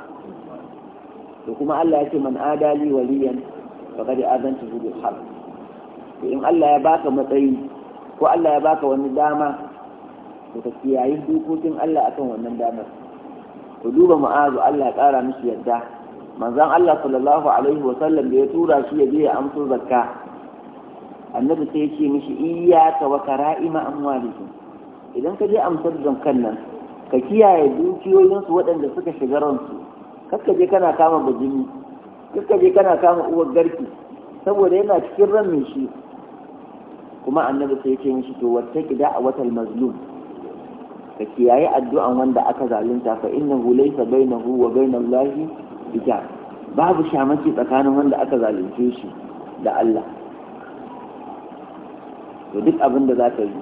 to kuma Allah ya ce man adali waliyan faqad azanta bil har. to in Allah ya baka matsayi ko Allah ya baka wani dama to ka kiyaye dokokin Allah akan wannan damar ku duba ma'azu Allah ya ƙara musu yadda manzan Allah sallallahu alaihi wa sallam da ya tura shi ya je ya amso zakka annabi sai ya ce mishi iyyaka wa kara'ima amwalikum idan ka je amsar zakkan nan ka kiyaye dukiyoyinsu waɗanda suka shiga ransu kakka je kana kama bajini kakka je kana kama uwar garki saboda yana cikin ran mai shi kuma annabi sai ya ce mishi to wattaki da'awatal mazlum ka kiyaye addu'an wanda aka zalunta fa innahu laysa bainahu wa bainallahi hijab babu shamaki tsakanin wanda aka zalunce shi da Allah to duk abin da zaka yi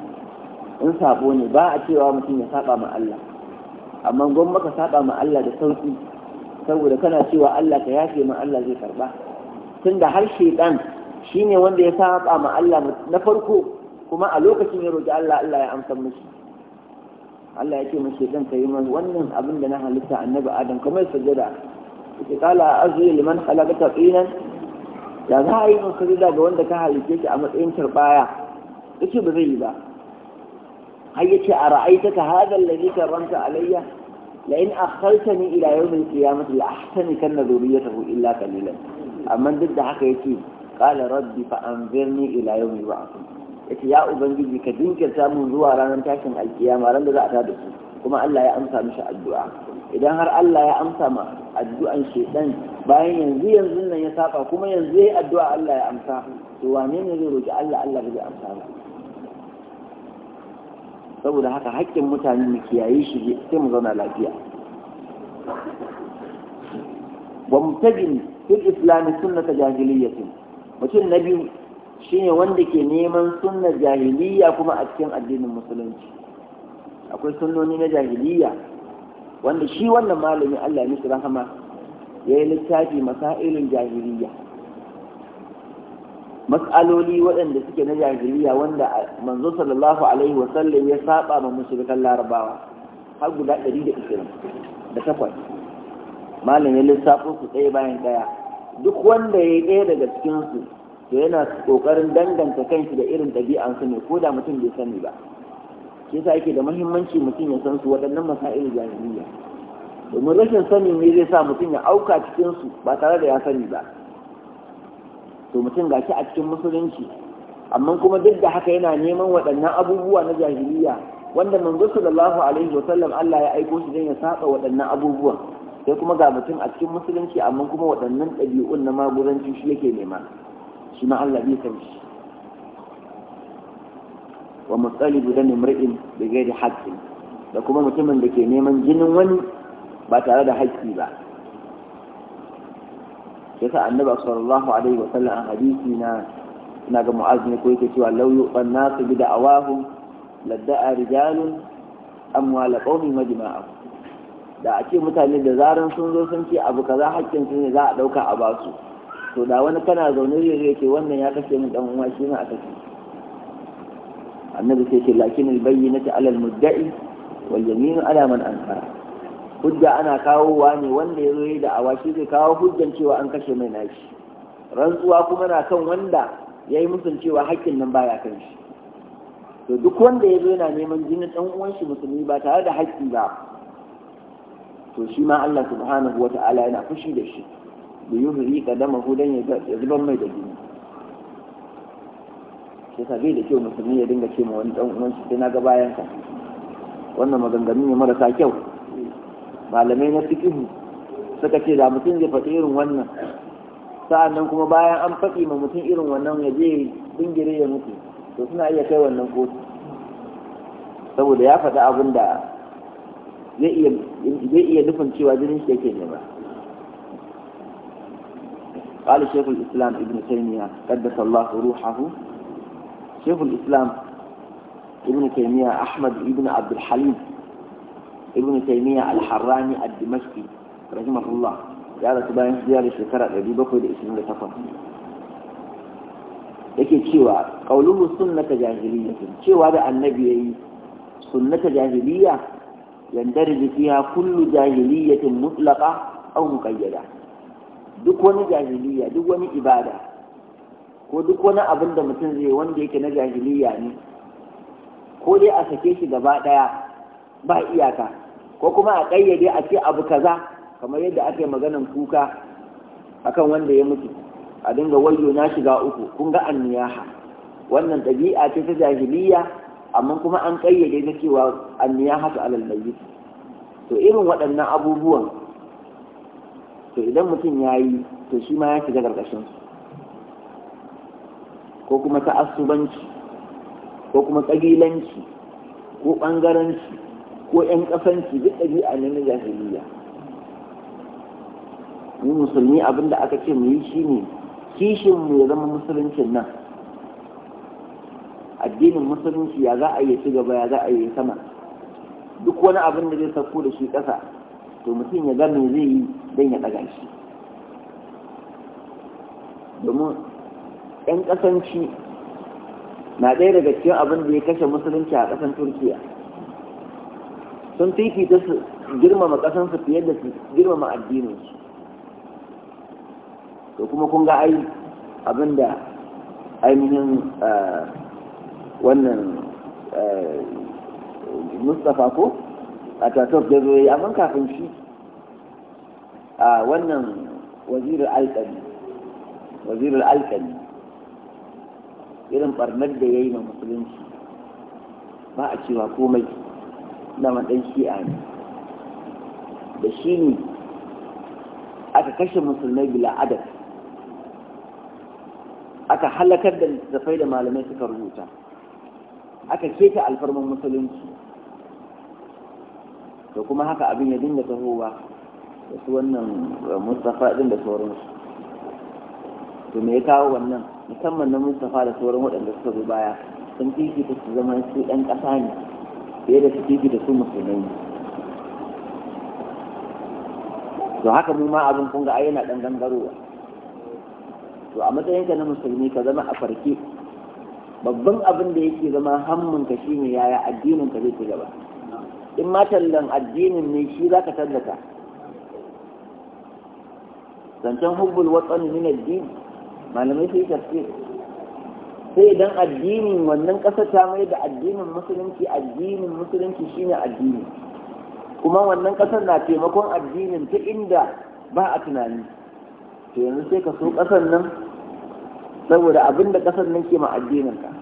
in sabo ne ba a cewa mutum ya saba ma Allah amma gwamnati ka saba ma Allah da sauki saboda kana cewa Allah ka yafe ma Allah zai karba tunda har shedan shine wanda ya saba ma Allah na farko kuma a lokacin ya roki Allah Allah ya amsa mishi Allah ya ce mace dan kai man wannan abin da na halitta annabi Adam kamar sajada ita kala azri liman khalaqata tinan ya za a yi min sajada ga wanda ka halice shi a matsayin tarbaya yace ba zai yi ba har yace a ra'aitaka hadha alladhi karramta alayya la in akhartani ila yawm al-qiyamati la ahtanikanna dhurriyyatahu illa qalilan amma duk da haka yace qala rabbi fa anzirni ila yawm yub'athun yace ya ubangiji ka jinkirta mun zuwa ranar tashin alkiyama ran da za a tada su kuma Allah ya amsa mishi addu'a idan har Allah ya amsa ma addu'an shedan bayan yanzu yanzu nan ya saba kuma yanzu yayi addu'a Allah ya amsa to wane ne zai roki Allah Allah zai amsa ba saboda haka haƙƙin mutane mu kiyaye shi sai mu zauna lafiya wa mutajin fil islam sunnata jahiliyyah mutum na biyu Shi ne wanda ke neman sunnar jahiliya kuma a cikin addinin musulunci akwai sunnoni na jahiliya wanda shi wannan malami Allah ya rahama ya yi littafi masailin jahiliya mas'aloli waɗanda suke na jahiliya wanda manzo sallallahu alaihi wa sallam ya saba ma mushrikan larabawa har guda 120 da takwas malam ya lissafo su ɗaya bayan ɗaya duk wanda ya yi ɗaya daga cikinsu to yana kokarin danganta kanshi da irin ɗabi'ansu ne ko da mutum bai sani ba shi yasa yake da muhimmanci mutum ya san su waɗannan masail jahiliya domin rashin sani ne zai sa mutum ya auka cikin su ba tare da ya sani ba to mutum gashi a cikin musulunci amma kuma duk da haka yana neman waɗannan abubuwa na jahiliya wanda manzo sallallahu alaihi wa sallam Allah ya aiko shi don ya saba waɗannan abubuwan sai kuma ga mutum a cikin musulunci amma kuma waɗannan ɗabi'un na maguranci shi yake nema shi ma Allah bai san shi wa matsalibu dan imri'in bi ghairi haqqin da kuma mutumin da ke neman jinin wani ba tare da haƙƙi ba yasa annabi sallallahu alaihi wa sallam a hadisi na ina ga mu'az ne ko yake cewa law yu'an nasu bi da'awahum ladda'a rijalun amwala qaumi majma'ahum da ce mutane da zaran sun zo sun ce abu kaza haƙƙin su ne za a ɗauka a basu to da wani kana zaune zai zai ce wannan ya kashe min dan uwa shi ma a kashe annabi sai ce lakin ta alal mudda'i wal yamin ala man ankara hujja ana kawowa ne wanda ya zo yi da'awa shi zai kawo hujjan cewa an kashe mai nashi rantsuwa kuma na kan wanda ya yi musun cewa haƙƙin nan baya kan shi to duk wanda ya zo yana neman jinin ɗan uwan shi musulmi ba tare da haƙƙi ba to shi ma Allah subhanahu wa ta'ala yana fushi da shi da dama qadamahu dan ya zuban mai da jini sai ka bai da kyau musulmi ya dinga ce ma wani dan uwan shi sai na ga bayan ka wannan maganganu ne marasa kyau malamai na fiqhu suka ce da mutum zai faɗi irin wannan sa'an nan kuma bayan an faɗi ma mutum irin wannan ya je dingire ya mutu to suna iya kai wannan kotu saboda ya faɗi abin da zai iya nufin cewa jinin shi yake ne ba قال شيخ الإسلام ابن تيمية قدس الله روحه شيخ الإسلام ابن تيمية أحمد ابن عبد الحليم ابن تيمية الحراني الدمشقي رحمه الله قال تباين زيارة شكرة أبي بكر إسلام لتفهم yake cewa ƙauluhu sunnata jahiliya cewa da annabi yayi sunnata jahiliya yandar fiha kullu jahiliyatin mutlaqa aw muqayyada duk wani jahiliya duk wani ibada ko duk wani abin da mutum zai wanda yake na jahiliya ne ko dai a sake shi gaba ɗaya ba iyaka ko kuma a ƙayyade a ce abu kaza kamar yadda aka yi maganan kuka akan wanda ya mutu a dinga wayo na shiga uku kun ga anniyaha wannan ɗabi'a ce ta jahiliya amma kuma an ƙayyade na cewa anniyaha ta alal mayyit to irin waɗannan abubuwan to idan mutum ya yi to shi ma ya shiga ƙarƙashin ko kuma ta'assubanci ko kuma ƙabilanci ko ɓangaranci ko ‘yan ƙasanci duk ɗabi'a ne na jahiliya mu musulmi abin da aka ce mu yi shi ne kishin mu ya zama musuluncin nan addinin musulunci ya za a yi ci gaba ya za a yi sama duk wani abin da zai sauko da shi ƙasa to mutum ya ga zai yi don ya ɗaga shi domin ‘yan ƙasanci na ɗaya daga cikin abin da ya kashe musulunci a ƙasan turkiya sun fifita su girmama ƙasansu fiye da su girmama addininsu to kuma kun ga ai abin da ainihin eh, wannan eh, mustapha ko a tasof da zo yi amma kafin shi a wannan wazirar alƙali wazirar alƙali irin ɓarnar da ya yi ma musulunci ba a cewa komai na ɗan shi'a ne da shi ne aka kashe musulmai bila adad aka halakar da littattafai da malamai suka rubuta aka keta alfarman musulunci to kuma haka abin ya dinga tahowa da su wannan eh, mustafa din da sauransu to me ya kawo wannan musamman na mustafa da sauran waɗanda suka zo baya sun ta su zama su ɗan ƙasa ne fiye da su da su musulmai to haka mu ma abin kun ga ai yana ɗan gangarowa to a matsayinka na musulmi ka zama a farke babban abin da yake zama hammunka shine yaya addinin ka zai ci gaba in ma tallan addinin ne shi za ka tallata zancen hubbul watsani min addini malamai sai tafi sai idan addinin wannan ƙasa ta mai da addinin musulunci addinin musulunci shine addini kuma wannan ƙasar na taimakon addinin ta inda ba a tunani to yanzu sai ka so ƙasar nan saboda abinda da ƙasar nan ke ma addinin ka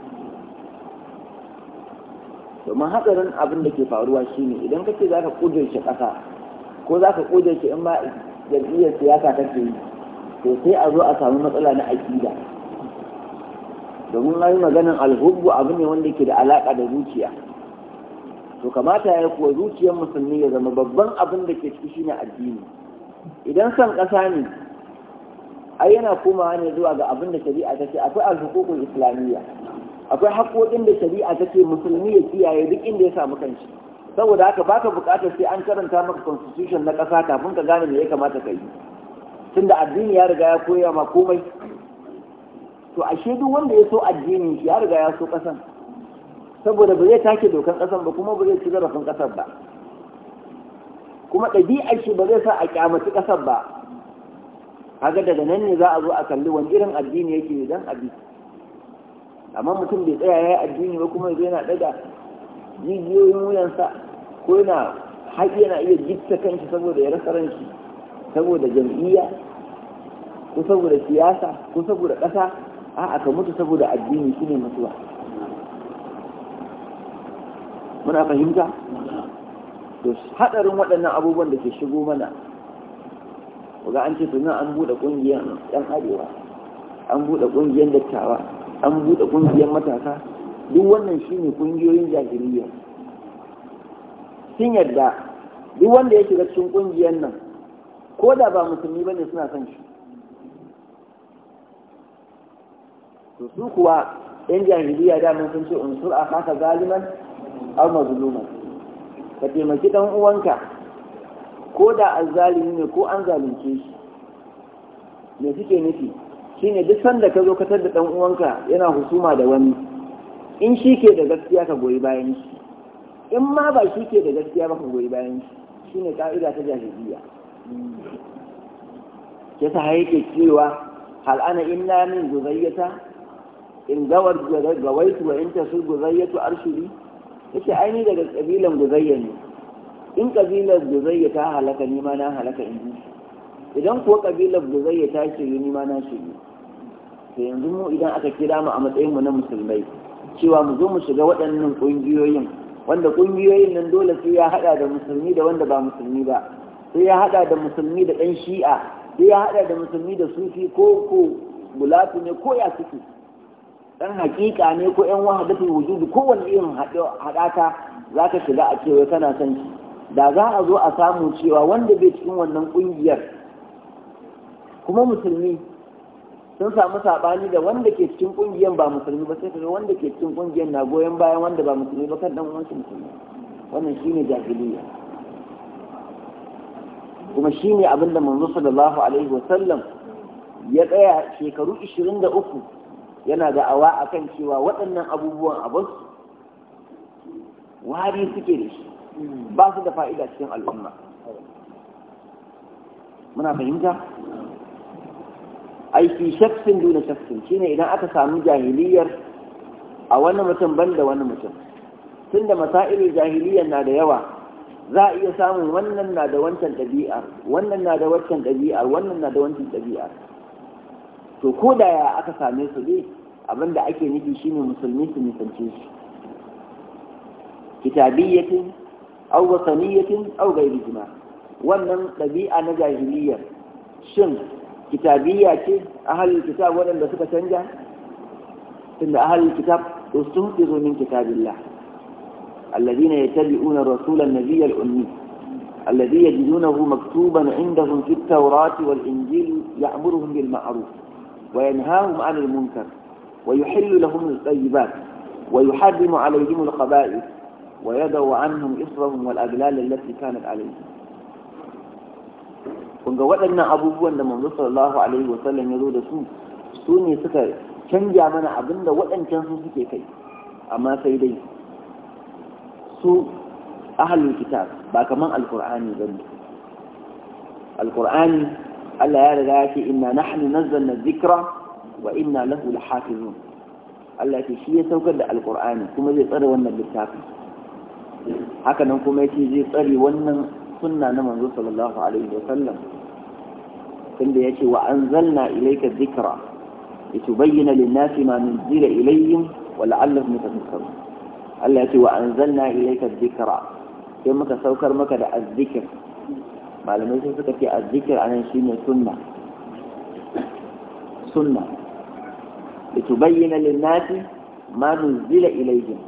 domin hatsarin abin da ke faruwa shine idan kake za ka kasa ƙasa ko za ka in ma jam'iyyar siyasa ta ke yi to sai a zo a samu matsala na aƙida domin na yi maganin alhubbu abu ne wanda ke da alaƙa da zuciya to kamata ya kuwa zuciyar musulmi ya zama babban abin da ke ciki shine addini idan son ƙasa ne ai yana komawa ne zuwa ga abin da shari'a ta ce akwai alhukukun islamiyya akwai haƙoƙin da shari'a take musulmi ya kiyaye duk inda ya samu kanshi saboda haka ba ka buƙatar sai an karanta maka constitution na ƙasa kafin ka gane me ya kamata ka yi tunda addini ya riga ya koya ma komai to ashe duk wanda ya so addini ya riga ya so ƙasan saboda ba zai take dokan ƙasan ba kuma ba zai ci zarafin ƙasar ba kuma ɗabi'ar shi ba zai sa a kyamaci ƙasar ba kaga daga nan ne za a zo a kalli wani irin addini yake dan abi amma mutum bai tsaya ya yi addini ba kuma zai yana daga jijiyoyin wuyansa ko yana haƙi yana iya gitta kanshi saboda ya rasa ranki saboda jam'iyya ko saboda siyasa ko saboda ƙasa a'a ka mutu saboda addini shine mutuwa muna fahimta to hadarin waɗannan abubuwan da ke shigo mana ga an ce tunan an buɗe ƙungiyar 'yan arewa an buɗe ƙungiyar dattawa an buɗe ƙungiyar matasa duk wannan shi ne ƙungiyoyin jahiliya sun yarda duk wanda ya shiga cikin ƙungiyar nan ko da ba musulmi ba ne suna son shi to su kuwa yan jahiliya da mun sun ce unsur a haka galiman aw mazluman ka taimaki dan uwanka ko da azzalimi ne ko an zalunce shi me suke nufi ne duk sanda ka zo ka tar da ɗan uwanka yana husuma da wani in shi ke da gaskiya ka goyi bayan shi in ma ba shi ke da gaskiya ba ka goyi bayan shi ne ka'ida ta jahiliya Ya sa yake cewa hal ana na min guzayyata in gawar gawaitu wa in tasu guzayyatu arshudi ya ce ni daga ƙabilan guzayya ne in ƙabilar guzayya ta halaka ni ma na halaka in ji idan kuwa ƙabilar guzayya ta shiri ni ma na shiri to yanzu mu idan aka kira mu a matsayin mu na musulmai cewa mu zo mu shiga waɗannan ƙungiyoyin wanda ƙungiyoyin nan dole sai ya haɗa da musulmi da wanda ba musulmi ba sai ya haɗa da musulmi da ɗan shi'a sai ya haɗa da musulmi da sufi ko ko bulatu ne ko ya suke ɗan hakika ne ko ƴan wahadatul wujudu kowanne irin haɗaka za ka shiga a cewa kana son shi da za a zo a samu cewa wanda bai cikin wannan ƙungiyar kuma musulmi sun samu sabani da wanda ke cikin kungiyar ba musulmi ba sai kaga wanda ke cikin kungiyar na goyon bayan wanda ba musulmi ba kan dan uwansa musulmi wannan shine jahiliya kuma shine abin da manzo sallallahu alaihi wasallam ya tsaya shekaru 23 yana da awa akan cewa waɗannan abubuwan abin wari suke da shi ba su da fa'ida cikin al'umma muna fahimta ai fi shakkin duna shakkin shine idan aka samu jahiliyar a wani mutum ban da wani mutum tunda masa'ili jahiliyar na da yawa za a iya samun wannan na da wancan ɗabi'ar wannan na da wancan ɗabi'ar wannan na da wancan ɗabi'ar to ko da ya aka same su dai abin da ake nufi shine musulmi su nisance shi kitabiyyatin aw wasaniyatin aw ghairi wannan ɗabi'a na jahiliyar shin kitabiyya أهل الكتاب kitab waɗanda suka إن أهل الكتاب kitab من كتاب الله الذين يتبعون الرسول النبي الأمي الذي يجدونه مكتوبا عندهم في التوراة والإنجيل يأمرهم بالمعروف وينهاهم عن المنكر ويحل لهم الطيبات ويحرم عليهم الخبائث ويدعو عنهم إصرهم والأغلال التي كانت عليهم Kunga ga waɗannan abubuwan da manzo sallallahu alaihi wasallam ya zo da su su ne suka canja mana abin da waɗancan su suke kai amma sai dai su ahalul kitab ba kaman alqur'ani bane alqur'ani Allah ya riga ya ce inna nahnu nazzalna dhikra wa inna lahu lahafizun Allah ce shi ya saukar da alqur'ani kuma zai tsare wannan littafin haka nan kuma yake zai tsare wannan sunna na manzo sallallahu alaihi wa sallam tunda yake wa anzalna ilayka dhikra litubayyana lin-nasi ma nuzila ilayhim wa la'allahum yatafakkarun Allah yake wa anzalna ilayka dhikra sai muka saukar maka da azzikir malamai sai suka ce azzikir anan shine sunna sunna litubayyana lin-nasi ma nuzila ilayhim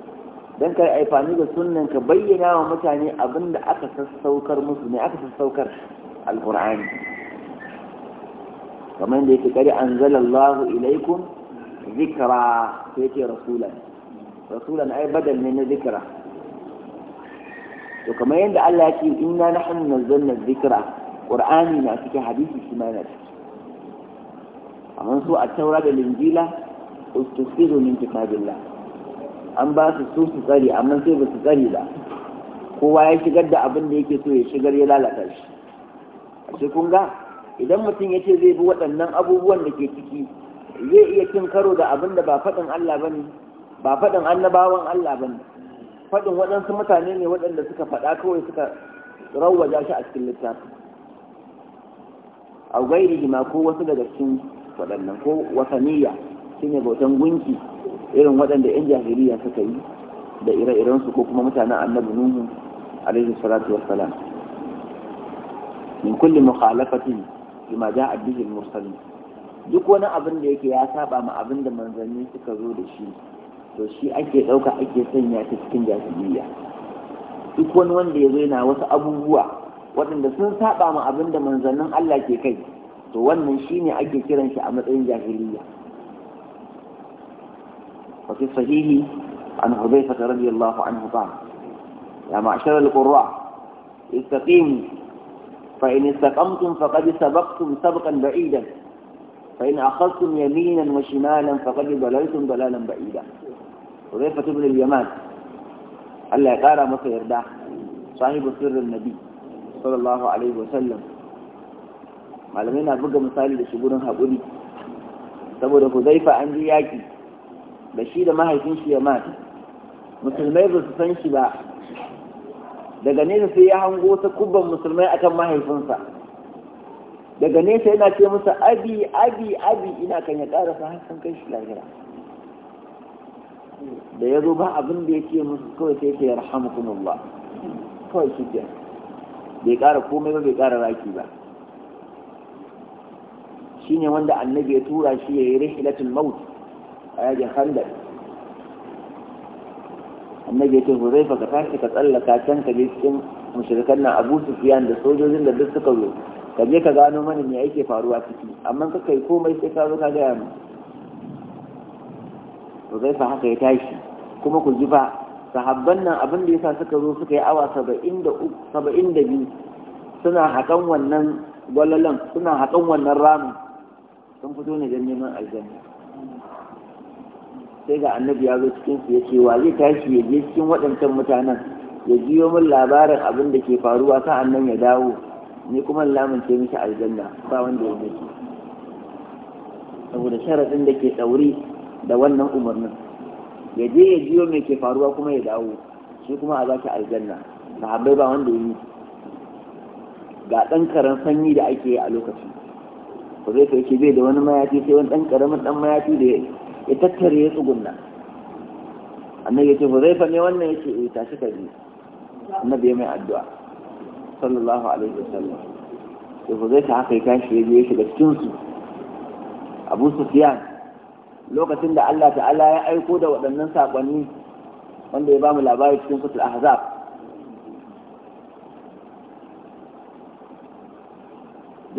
don kai yi da sunnan ka bayyana wa mutane abinda aka sassaukar musu ne aka sassaukar alkur'ani kamar da yake kari an zalallahu ilaikum zikara, sai ce rasulan rasulan ai badal ne na zikara. to kamar yadda Allah ya ce inna na nazzalna zikara, ƙur'ani na cikin hadisi shi ma yana ciki amma su a taura da linjila ustusiru min kitabillah an ba su su su tsare amma sai ba su tsare ba kowa ya shigar da abin da yake so ya shigar ya lalata shi a kun ga idan mutum ya ce zai bi waɗannan abubuwan da ke ciki zai iya cin karo da abin da ba faɗin Allah ba ne ba faɗin annabawan Allah ba ne faɗin waɗansu mutane ne waɗanda suka faɗa kawai suka rawwaja shi a cikin littafi a gwairi ma ko wasu daga cikin waɗannan ko wasaniya shine bautan gunki irin waɗanda 'yan jahiliya suka yi da ire-irensu ko kuma mutanen annabi nuhu alaihi salatu wassalam min kulli mukhalafatin lima ja'a bihi al-mursalin duk wani abin da yake ya saba ma abin da manzanni suka zo da shi to shi ake ɗauka ake sanya ta cikin jahiliya duk wani wanda ya zo yana wasu abubuwa waɗanda sun saba ma abin da manzannin Allah ke kai to wannan shi shine ake kiran shi a matsayin jahiliya في الصحيح عن حذيفة رضي الله عنه قال يا معشر القراء استقيموا فإن استقمتم فقد سبقتم سبقا بعيدا فإن أخذتم يمينا وشمالا فقد ضللتم ضلالا بعيدا حذيفة بن اليمان ألا قال مصير masa صاحب سر النبي صلى الله عليه وسلم معلمين na buga misali da shi حذيفة عندي ياكي da shi da mahaifin shi ya mati. musulmai ba su san shi ba daga nesa sai ya hango ta kubban musulmai akan mahaifinsa daga nesa yana ce musa abi abi abi ina kan ya sa hassan kai shi lahira da ya zo ba abin da ya ce musu kawai sai ce Allah kawai shi ke bai kara komai ba bai kara raki ba shine wanda annabi ya tura shi ya yi rihilatul maut a yakin handar annabi ya ce huzaifa ka tashi ka tsallaka can ka je cikin mushrikan nan abu sufiyan da sojojin da duk suka zo ka je ka gano mana me yake faruwa ciki amma ka kai komai sai ka zo ka gaya mu fa haka ya tashi kuma ku ji ba sahabban nan abin da yasa suka zo suka yi awa saba'in da biyu suna haƙan wannan gwalalan suna haƙan wannan ramin sun fito ne don neman aljanna sai ga annabi ya zo cikin su yace wa zai tashi ya je cikin waɗancan mutanen ya jiyo min labarin abin da ke faruwa sa'an nan ya dawo ni kuma lamunce mishi aljanna ba wanda ya zai saboda sharaɗin da ke ɗauri da wannan umarnin ya je ya jiyo mai ke faruwa kuma ya dawo shi kuma a zaki aljanna sahabbai ba wanda ya yi ga ɗan karen sanyi da ake yi a lokaci ko zai kai bai da wani mayafi sai wani ɗan karamin ɗan mayafi da ya tattare ya tsugunna annan ya ce zai ne wannan ya ce eh, ta shi kaji na biya mai addu'a sallallahu alaihi wasallam zai ta haka ya kashi ya je ya shiga abu su fiya lokacin da Allah ta'ala ya aiko da waɗannan saƙonni wanda ya ba mu labari cikin sutul ahzab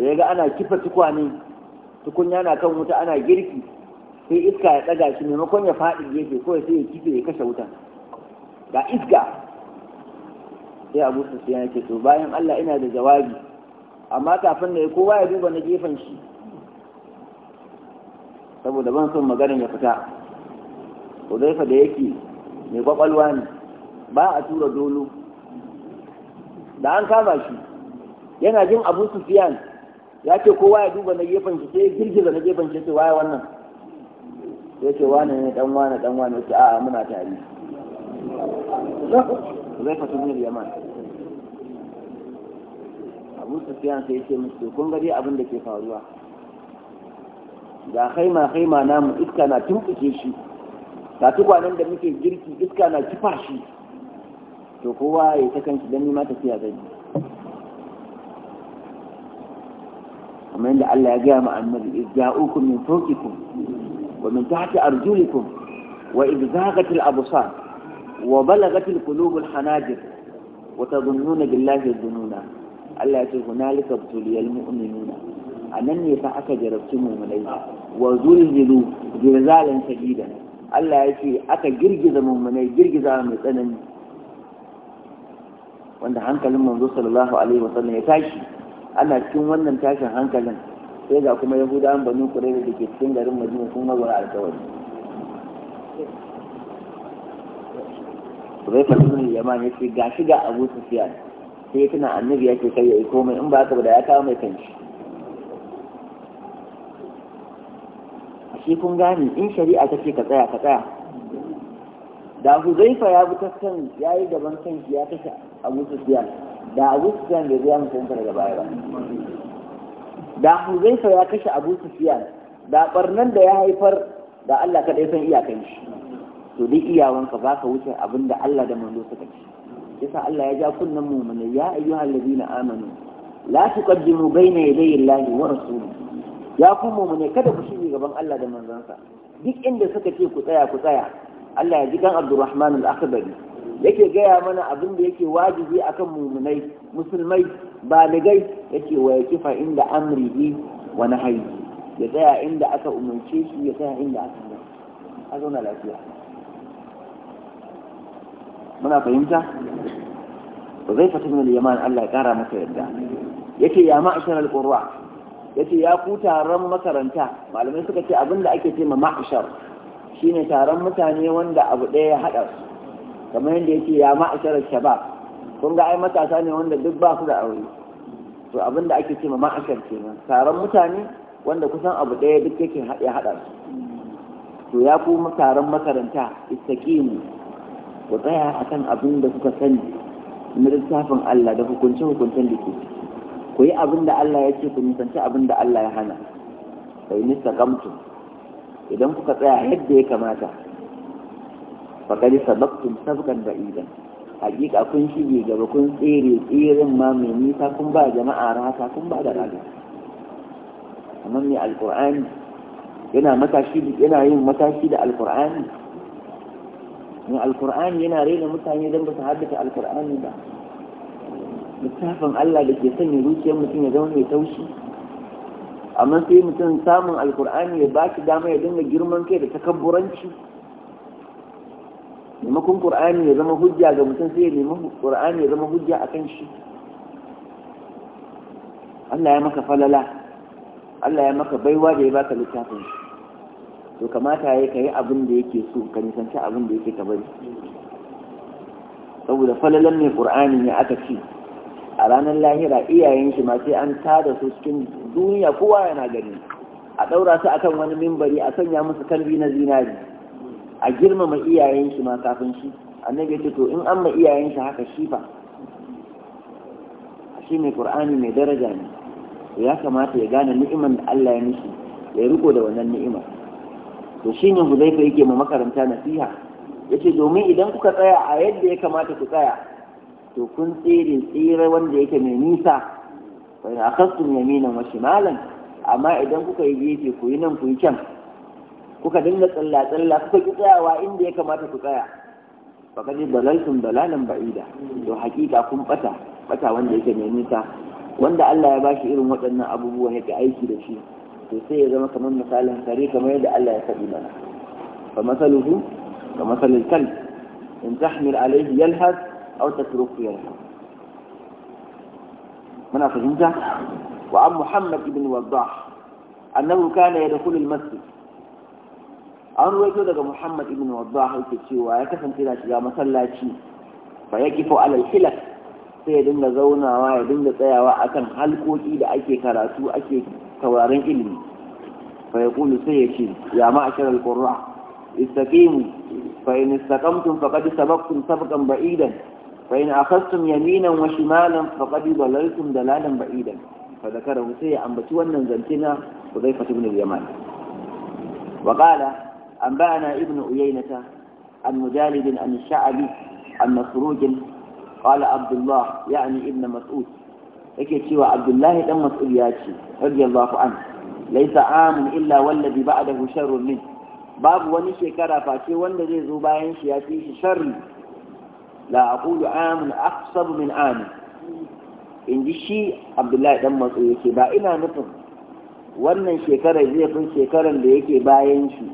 da ya ga ana kifa tukwane tukunya na kan wuta ana girki sai iska ya ɗaga shi maimakon ya faɗi gefe kawai sai ya kife ya kashe wutan ga iska sai abu su ya ce to bayan Allah ina da jawabi amma kafin da kowa ya duba na gefen shi saboda ban son maganin ya fita fa da yake mai kwakwalwa ne ba a tura dolo da an kama shi yana jin abu sufiyan ya ce kowa ya duba na gefen shi sai girgiza na gefen shi sai waye wannan ya ce wane ne dan wane dan wane ya ce a'a muna tare zai fata ne yaman abu sufiyan sai ce musu kun gari abin da ke faruwa ga haima haima mu iska na tumɓuke shi ga tukwanen da muke girki iska na kifa shi to kowa ya ta kanki don nima tafiya zai kamar yadda Allah ya gaya ma annabi izja'ukum min fawqikum ومن تحت أرجلكم وإذ زاغت الأبصار وبلغت القلوب الحناجر وتظنون بالله الظنون Allah ya ce hunalika tuliyal mu'minuna anan ne fa aka jarabci mu'minai wa Allah ya ce aka girgiza mu'minai girgiza mai tsanani wanda hankalin manzo sallallahu alaihi wasallam ya tashi ana cikin wannan tashin hankalin sai ga kuma yahudawan banu kurayra da ke cikin garin madina sun magwara alkawari zai fa sunan yaman ya ce ga shi ga abu sufiyan sai tuna annabi yake kai ya yi komai in ba ka ba da ya kawo mai kanci shi kun gane in shari'a ta ce ka tsaya ka tsaya da huzaifa ya bi ta kan ya yi gaban kanki ya kashe abu sufiyan da abu sufiyan bai zuwa musulunta daga baya ba da huzaifa ya kashe abu sufiyan da barnan da ya haifar da Allah kaɗai san iyakan shi to duk iyawanka ba ka wuce abin Allah da manzo suka ci yasa Allah ya ja kunnan mu'mini ya ayyuhal ladina amanu la tuqaddimu bayna yadayi Allahi wa rasuli ya ku mu'mini kada ku shige gaban Allah da manzansa duk inda suka ce ku tsaya ku tsaya Allah ya ji kan Abdurrahman al-Akhdari yake gaya mana abin da yake wajibi akan mu'minai musulmai baligai yake wa ya kifa inda amrihi wa nahyi ya tsaya inda aka umarce shi ya tsaya inda aka yi a zauna lafiya muna fahimta ba zai fata min yaman Allah ya kara masa yadda ce ya ma'ashar al Ya ce ya ku taron makaranta malamai suka ce abinda ake ce ma ma'ashar shine taron mutane wanda abu ɗaya ya haɗa su kamar yadda ce ya ma'ashar shabab kun ga ai matasa ne wanda duk ba su da aure to abin da ake ce ma ma'ashar kenan taron mutane wanda kusan abu ɗaya duk yake ya haɗa su to ya kuma taron makaranta istaqimu ku tsaya akan abin da kuka sani na littafin Allah da hukunce hukuncen da ke ku yi abin da Allah ya ce ku nisanci abin da Allah ya hana fa in istaqamtu idan kuka tsaya yadda ya kamata fa qad sabaqtum sabqan ba'idan hakika kun shige gaba kun tsere tseren ma mai nisa kun ba jama'a rasa kun ba da raga amma mai alkur'ani yana matashi yana yin matashi da alkur'ani mai alkur'ani yana raina mutane don ba su haddata alkur'ani ba littafin Allah da ke sanya zuciyar mutum ya zama mai taushi amma sai mutum samun alkur'ani ya ba shi dama ya dinga girman kai da takabburanci maimakon ƙur'ani ya zama hujja ga mutum sai ya nemi ƙur'ani ya zama hujja a kan shi Allah ya maka falala Allah ya maka baiwa da ya baka littafin shi to kamata ya kai abin da yake so ka nisanci abin da yake ka bari saboda falalan mai ƙur'ani ne aka ce a ranar lahira iyayen shi ma sai an tada su cikin duniya kowa yana gani a ɗaura su akan wani mimbari a sanya musu kalbi na zinari a girmama iyayen shi ma kafin shi annabi ce to in an ma iyayen shi haka shi fa shi mai qur'ani mai daraja ne ya kamata ya gane ni'imar da Allah ya mishi ya riko da wannan ni'ima to shine hudaifa yake ma makaranta nasiha yace domin idan kuka tsaya a yadda ya kamata ku tsaya to kun tsere tsere wanda yake mai nisa wa in yamina yaminan wa shimalan amma idan kuka yi gefe ku yi nan ku yi can kuka dinga tsalla tsalla kuka ki tsayawa inda ya kamata ku tsaya faqad dalaltum dalalan ba'ida to hakika kun bata bata wanda yake mai nisa wanda Allah ya bashi irin waɗannan abubuwan yake aiki da shi to sai ya zama kamar misalin kare kamar yadda Allah ya faɗi mana fa masaluhu ka masalil kal. in tahmil alayhi yalhas aw tatruku yalhas muna fahimta wa an Muhammad ibn Waddah annahu kana yadkhulu al-masjid an ruwaito daga muhammad ibn wadda hauke cewa ya kasance na shiga masallaci fa ya kifo alal hilal sai ya dinga zaunawa ya dinga tsayawa akan halkoki da ake karatu ake taurarin ilimi fa ya kulu sai ya ce ya ma ma'ashar alqurra istaqimu fa in istaqamtum faqad sabaqtum sabqan ba'idan fa in akhadtum yaminan wa shimalan faqad dalaltum dalalan ba'idan fa dakara sai ya ambaci wannan zantina na Hudayfa ibn al yamani wa qala أنبأنا ابن أيينة عن مجالد عن الشعبي عن مخروج قال عبد الله يعني ابن مسعود yake cewa Abdullahi ɗan Mas'ud ya ce radiyallahu an laisa amun illa wallafi wallazi ba'dahu sharrun min babu wani shekara face wanda zai zo bayan shi ya fi shi sharri la aqulu amun aqsab min amin inji shi Abdullahi dan Mas'ud yake ba ina nufin wannan shekarar zai fi shekarar da yake bayan shi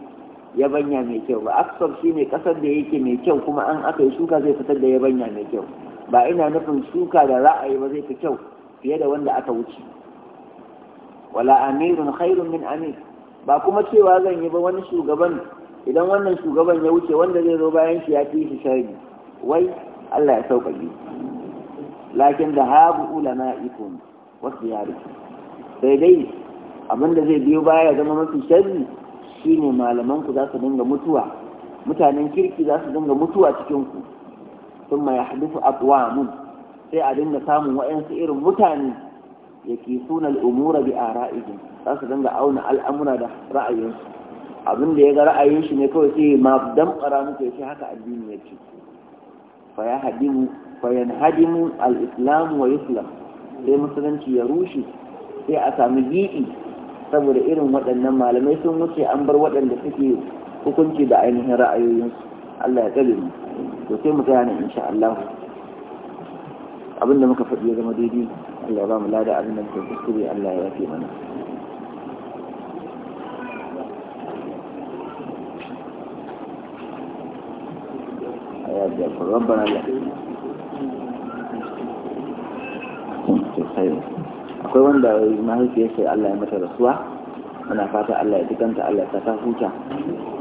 yabanya mai kyau ba aksar ne kasar da yake mai kyau kuma an aka yi shuka zai fitar da yabanya mai kyau ba ina nufin shuka da ra'ayi ba zai fi kyau fiye da wanda aka wuce wala amirun khairun min amir ba kuma cewa zan yi ba wani shugaban idan wannan shugaban ya wuce wanda zai zo bayan shi ya fi shi sharri wai Allah ya sauƙaƙe lakin da habu ulama ikon wasu yare sai dai abinda zai biyo baya zama mafi sharri shine malaman ku za su dinga mutuwa mutanen kirki za su dinga mutuwa cikin ku sun mai hadifu mun. sai a dinga samun wa'ansu irin mutane yake sunan umura bi ara'ihim za su dinga auna al'amura da ra'ayinsu abin da ya ga ra'ayin shi ne kawai sai ma damƙara muku ya shi haka addini ya ce fa ya hadimu fa al-islam wa Islam. sai musulunci ya rushe sai a sami bi'i saboda irin waɗannan malamai sun wuce an bar waɗanda suke hukunci da ainihin ra'ayoyinsu Allah ya tsare mu to sai mu gane insha Allah abinda muka faɗi ya zama daidai Allah ya ba mu lada abin da muka kuskure Allah ya yafe mana ربنا لا خير akwai wanda ya sai Allah ya mata rasuwa muna fata Allah ya dukanta Allah ya ta huta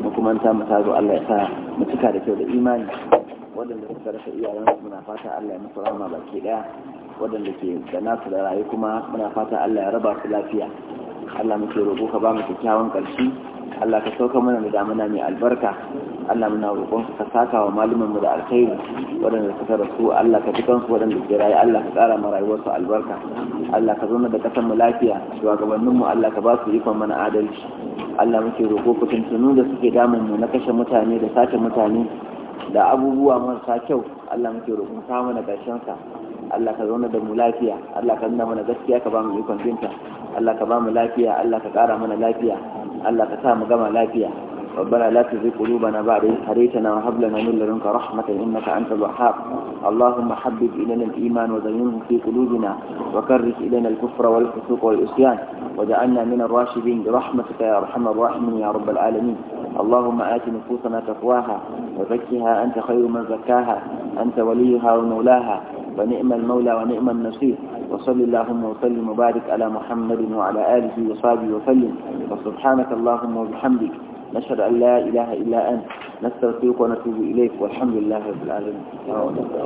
mu kuma ta Allah ya sa mu da kyau da imani Wadanda suka rasa su muna fata Allah ya musu rahama baki daya Wadanda ke da nasu da rayu kuma muna fata Allah ya raba su lafiya Allah muke roƙo ka ba mu kyakkyawan ƙarshe Allah ka sauka mana da damuna mai albarka Allah muna roƙon ka saka wa malumin mu da alkhairi Wadanda suka rasu Allah ka dukan su waɗanda ke rayu Allah ka ƙara ma rayuwar su albarka Allah ka zauna da ƙasar mu lafiya shugabannin mu Allah ka ba su ikon mana adalci Allah muke roƙo fitintunu da suke damun mu na kashe mutane da sace mutane da abubuwa marasa kyau Allah muke roƙon kawo mana ƙarshen sa Allah ka zauna da mu lafiya Allah ka nuna mana gaskiya ka ba mu ikon binta Allah ka ba mu lafiya Allah ka ƙara mana lafiya Allah ka sa mu gama lafiya ربنا لا تزغ قلوبنا بعد إذ هديتنا وهب لنا من لدنك رحمة إنك أنت الوهاب اللهم حبب إلينا الإيمان وزينه في قلوبنا وكره إلينا الكفر والفسوق والعصيان وجعلنا من الراشدين برحمتك يا أرحم الراحمين يا رب العالمين اللهم آت نفوسنا تقواها وزكها أنت خير من زكاها أنت وليها ومولاها ونعم المولى ونعم النصير وصل اللهم وسلم وبارك على محمد وعلى آله وصحبه وسلم وسبحانك اللهم وبحمدك نشهد أن لا إله إلا أنت نستغفرك ونتوب إليك والحمد لله رب العالمين